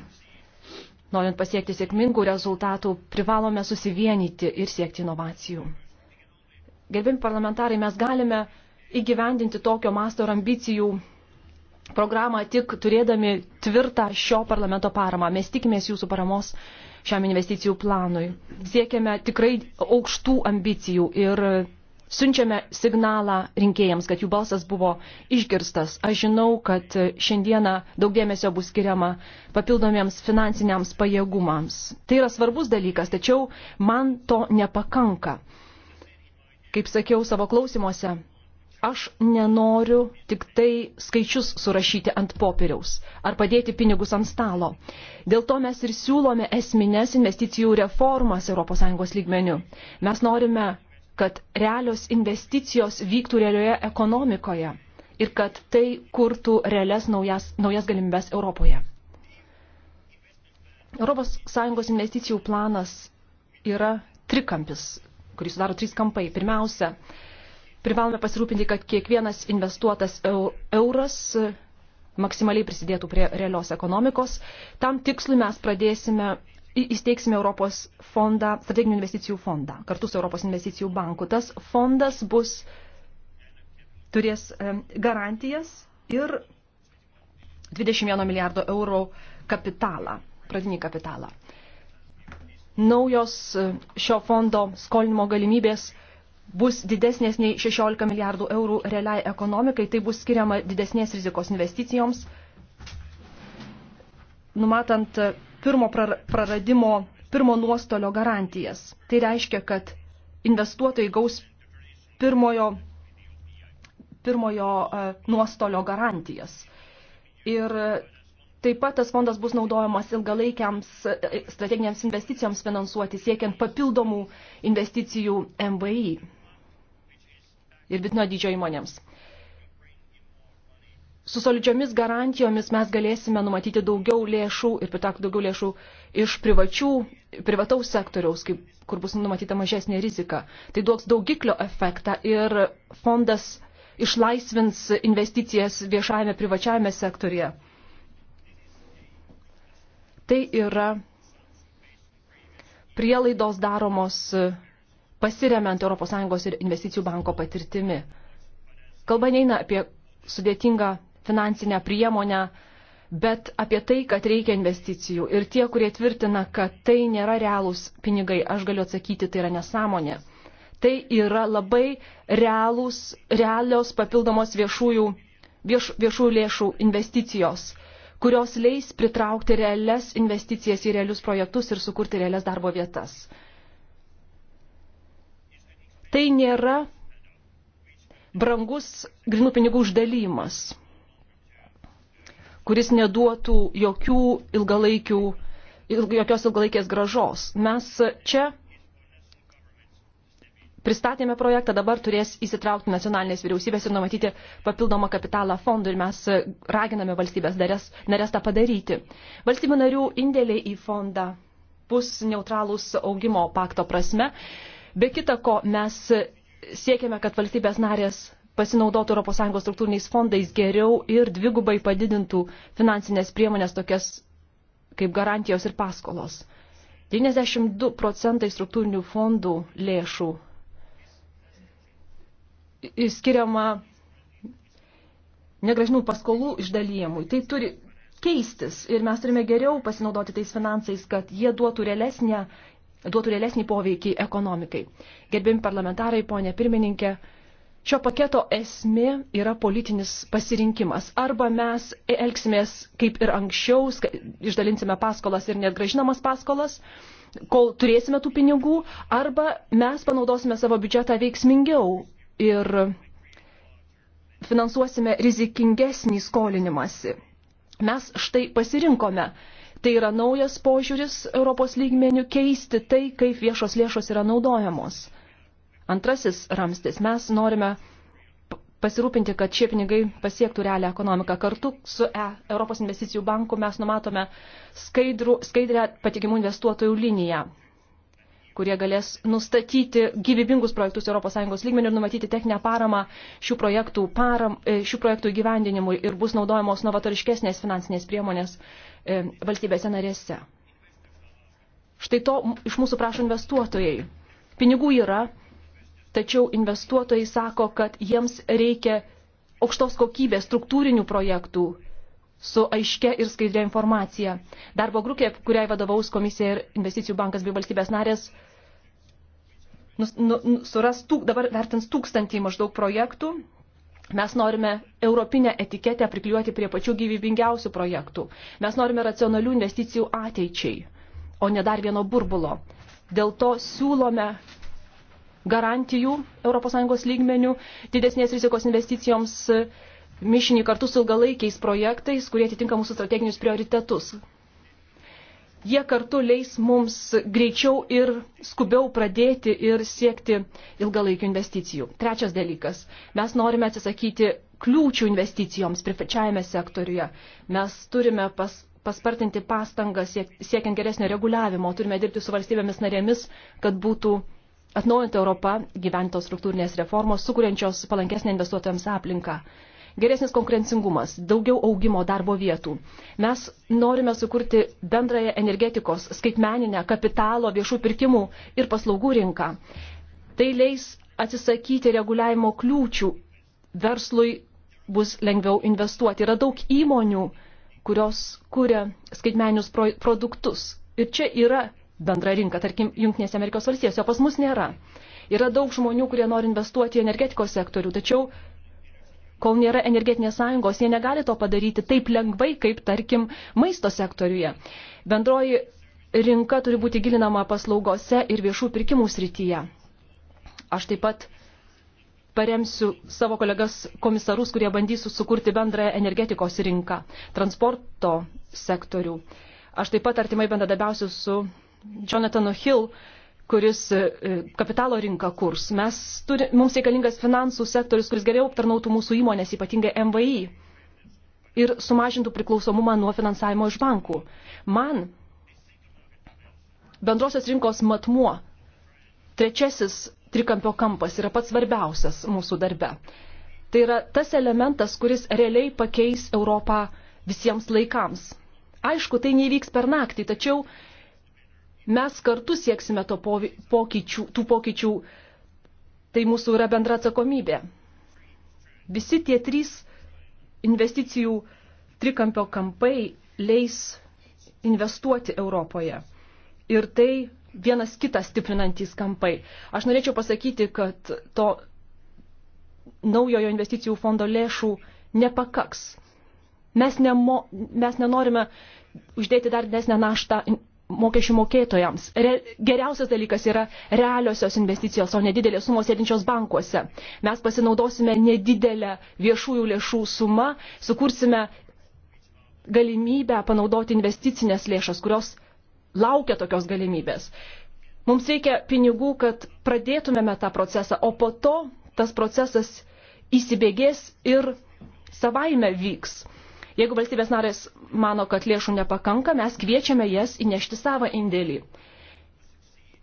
Speaker 2: Norint pasiekti sėkmingų rezultatų, privalome susivienyti ir siekti inovacijų. Gerbimi parlamentarai, mes galime įgyvendinti tokio masto ir ambicijų programą tik turėdami tvirtą šio parlamento paramą. Mes tikimės jūsų paramos šiam investicijų planui. Siekiame tikrai aukštų ambicijų ir siunčiame signalą rinkėjams, kad jų balsas buvo išgirstas. Aš žinau, kad šiandieną daug dėmesio bus skiriama papildomiems finansiniams pajėgumams. Tai yra svarbus dalykas, tačiau man to nepakanka. Kaip sakiau savo klausimuose, aš nenoriu tik tai skaičius surašyti ant popieriaus ar padėti pinigus ant stalo. Dėl to mes ir siūlome esminės investicijų reformas ES lygmenių. Mes norime kad realios investicijos vyktų realioje ekonomikoje ir kad tai kurtų realias naujas, naujas galimybes Europoje. ES investicijų planas yra trikampis, kurį sudaro trys kampai. Pirmiausia, privalome pasirūpinti, kad kiekvienas investuotas euras maksimaliai prisidėtų prie realios ekonomikos. Tam tikslui mes pradėsime įsteigsime Europos fondą, strateginių investicijų fondą, kartu su Europos investicijų banku. Tas fondas bus, turės e, garantijas ir 21 milijardo eurų kapitalą, pradinį kapitalą. Naujos e, šio fondo skolinimo galimybės bus didesnės nei 16 milijardų eurų realiai ekonomikai, tai bus skiriama didesnės rizikos investicijoms, numatant e, pirmo praradimo, pirmo nuostolio garantijas. Tai reiškia, kad investuotojai gaus pirmojo, pirmojo e, nuostolio garantijas. Ir taip pat tas fondas bus naudojamas ilgalaikiams e, e, strateginiams investicijoms finansuoti, siekiant papildomų investicijų MVI ir vidinio dydžio įmonėms su solidžiomis garantijomis mes galėsime numatyti daugiau lėšų ir pritakti daugiau lėšų iš privačių, privataus sektoriaus, kaip, kur bus numatyta mažesnė rizika. Tai duoks daugiklio efektą ir fondas išlaisvins investicijas viešajame privačiajame sektorėje. Tai yra prielaidos daromos pasiremiant ES ir investicijų banko patirtimi. Kalba neina apie sudėtingą finansinę priemonę, bet apie tai, kad reikia investicijų. Ir tie, kurie tvirtina, kad tai nėra realūs pinigai, aš galiu atsakyti, tai yra nesąmonė. Tai yra labai realūs, realios papildomos viešųjų, vieš, viešųjų lėšų investicijos, kurios leis pritraukti realias investicijas į realius projektus ir sukurti realias darbo vietas. Tai nėra brangus grinų pinigų uždalymas kuris neduotų jokių ilgalaikių, jokios ilgalaikės gražos. Mes čia pristatėme projektą, dabar turės įsitraukti nacionalinės vyriausybės ir numatyti papildomą kapitalą fondų ir mes raginame valstybės darės, narės tą padaryti. Valstybių narių indėliai į fondą bus neutralūs augimo pakto prasme. Be kita ko, mes siekiame, kad valstybės narės pasinaudotų ES struktūriniais fondais geriau ir dvigubai padidintų finansinės priemonės tokias kaip garantijos ir paskolos. 92 procentai struktūrinių fondų lėšų skiriama negražinų paskolų išdalyjimui. Tai turi keistis ir mes turime geriau pasinaudoti tais finansais, kad jie duotų realesnę duotų realesnį poveikį ekonomikai. Gerbimi parlamentarai, ponė pirmininkė, Šio paketo esmė yra politinis pasirinkimas. Arba mes elgsimės kaip ir anksčiau, išdalinsime paskolas ir net gražinamas paskolas, kol turėsime tų pinigų, arba mes panaudosime savo biudžetą veiksmingiau ir finansuosime rizikingesnį skolinimąsi. Mes štai pasirinkome. Tai yra naujas požiūris Europos lygmenių keisti tai, kaip viešos lėšos yra naudojamos. Antrasis ramstis. Mes norime pasirūpinti, kad šie pinigai pasiektų realią ekonomiką. Kartu su e, Europos investicijų banku mes numatome skaidrų, skaidrę patikimų investuotojų liniją kurie galės nustatyti gyvybingus projektus ES lygmenių ir numatyti techninę paramą šių projektų, param, e, šių projektų įgyvendinimui ir bus naudojamos novatoriškesnės finansinės priemonės e, valstybėse narėse. Štai to iš mūsų prašo investuotojai. Pinigų yra, tačiau investuotojai sako, kad jiems reikia aukštos kokybės struktūrinių projektų su aiškia ir skaidria informacija. Darbo grupė, kuriai vadovaus komisija ir investicijų bankas bei valstybės narės, nus, nu, nu, suras tūk, dabar vertins tūkstantį maždaug projektų. Mes norime europinę etiketę priklijuoti prie pačių gyvybingiausių projektų. Mes norime racionalių investicijų ateičiai, o ne dar vieno burbulo. Dėl to siūlome garantijų ES lygmenių, didesnės rizikos investicijoms e, mišinį kartu su ilgalaikiais projektais, kurie atitinka mūsų strateginius prioritetus. Jie kartu leis mums greičiau ir skubiau pradėti ir siekti ilgalaikių investicijų. Trečias dalykas. Mes norime atsisakyti kliūčių investicijoms privačiajame sektoriuje. Mes turime pas, paspartinti pastangas siek, siekiant geresnio reguliavimo, turime dirbti su valstybėmis narėmis, kad būtų uh, atnaujinti Europą gyventos struktūrinės reformos, sukūrenčios palankesnę investuotojams aplinką. Geresnis konkurencingumas, daugiau augimo darbo vietų. Mes norime sukurti bendrąją energetikos, skaitmeninę, kapitalo, viešų pirkimų ir paslaugų rinką. Tai leis atsisakyti reguliavimo kliūčių. Verslui bus lengviau investuoti. Yra daug įmonių, kurios kuria skaitmeninius produktus. Ir čia yra bendrą rinką, tarkim, Junktinėse Amerikos valstijose, o pas mus nėra. Yra daug žmonių, kurie nori investuoti į energetikos sektorių, tačiau kol nėra energetinės sąjungos, jie negali to padaryti taip lengvai, kaip, tarkim, maisto sektoriuje. Bendroji rinka turi būti gilinama paslaugose ir viešų pirkimų srityje. Aš taip pat paremsiu savo kolegas komisarus, kurie bandys sukurti bendrą energetikos rinką, transporto sektorių. Aš taip pat artimai bendradabiausiu su Jonathanu Hill, kuris e, e, kapitalo rinką kurs. Mes turi, mums reikalingas finansų sektorius, kuris geriau aptarnautų mūsų įmonės, ypatingai MVI, ir sumažintų priklausomumą nuo finansavimo iš bankų. Man bendrosios rinkos matmuo, trečiasis trikampio kampas yra pats svarbiausias mūsų darbe. Tai yra tas elementas, kuris realiai pakeis Europą visiems laikams. Aišku, tai nevyks per naktį, tačiau mes kartu sieksime to pokyčių, tų pokyčių, tai mūsų yra bendra atsakomybė. Visi tie trys investicijų trikampio kampai leis investuoti Europoje. Ir tai vienas kitas stiprinantys kampai. Aš norėčiau pasakyti, kad to naujojo investicijų fondo lėšų nepakaks. Mes, nemo, mes nenorime uždėti dar desnę naštą mokesčių mokėtojams. Re, geriausias dalykas yra realiosios investicijos, o nedidelės sumos sėdinčios bankuose. Mes pasinaudosime nedidelę viešųjų lėšų sumą, sukursime galimybę panaudoti investicinės lėšas, kurios laukia tokios galimybės. Mums reikia pinigų, kad pradėtumėme tą procesą, o po to tas procesas įsibėgės ir savaime vyks. Jeigu valstybės narės mano, kad lėšų nepakanka, mes kviečiame jas įnešti savo indėlį.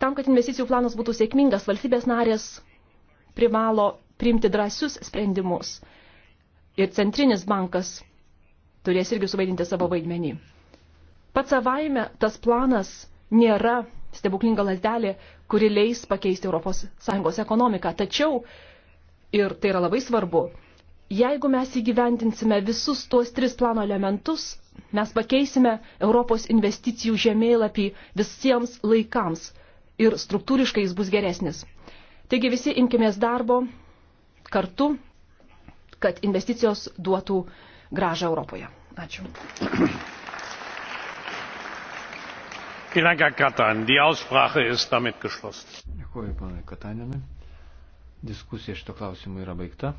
Speaker 2: Tam, kad investicijų planas būtų sėkmingas, valstybės narės privalo priimti drąsius sprendimus. Ir centrinis bankas turės irgi suvaidinti savo vaidmenį. Pats savaime tas planas nėra stebuklinga lasdelė, kuri leis pakeisti ES ekonomiką. Tačiau, ir tai yra labai svarbu, jeigu mes įgyvendinsime visus tuos tris plano elementus, mes pakeisime Europos investicijų žemėlapį visiems laikams ir struktūriškai jis bus geresnis. Taigi visi imkimės darbo kartu, kad investicijos duotų gražą Europoje. Ačiū.
Speaker 3: Dėkuoju, panai Kataninui. Diskusija šito klausimu yra baigta.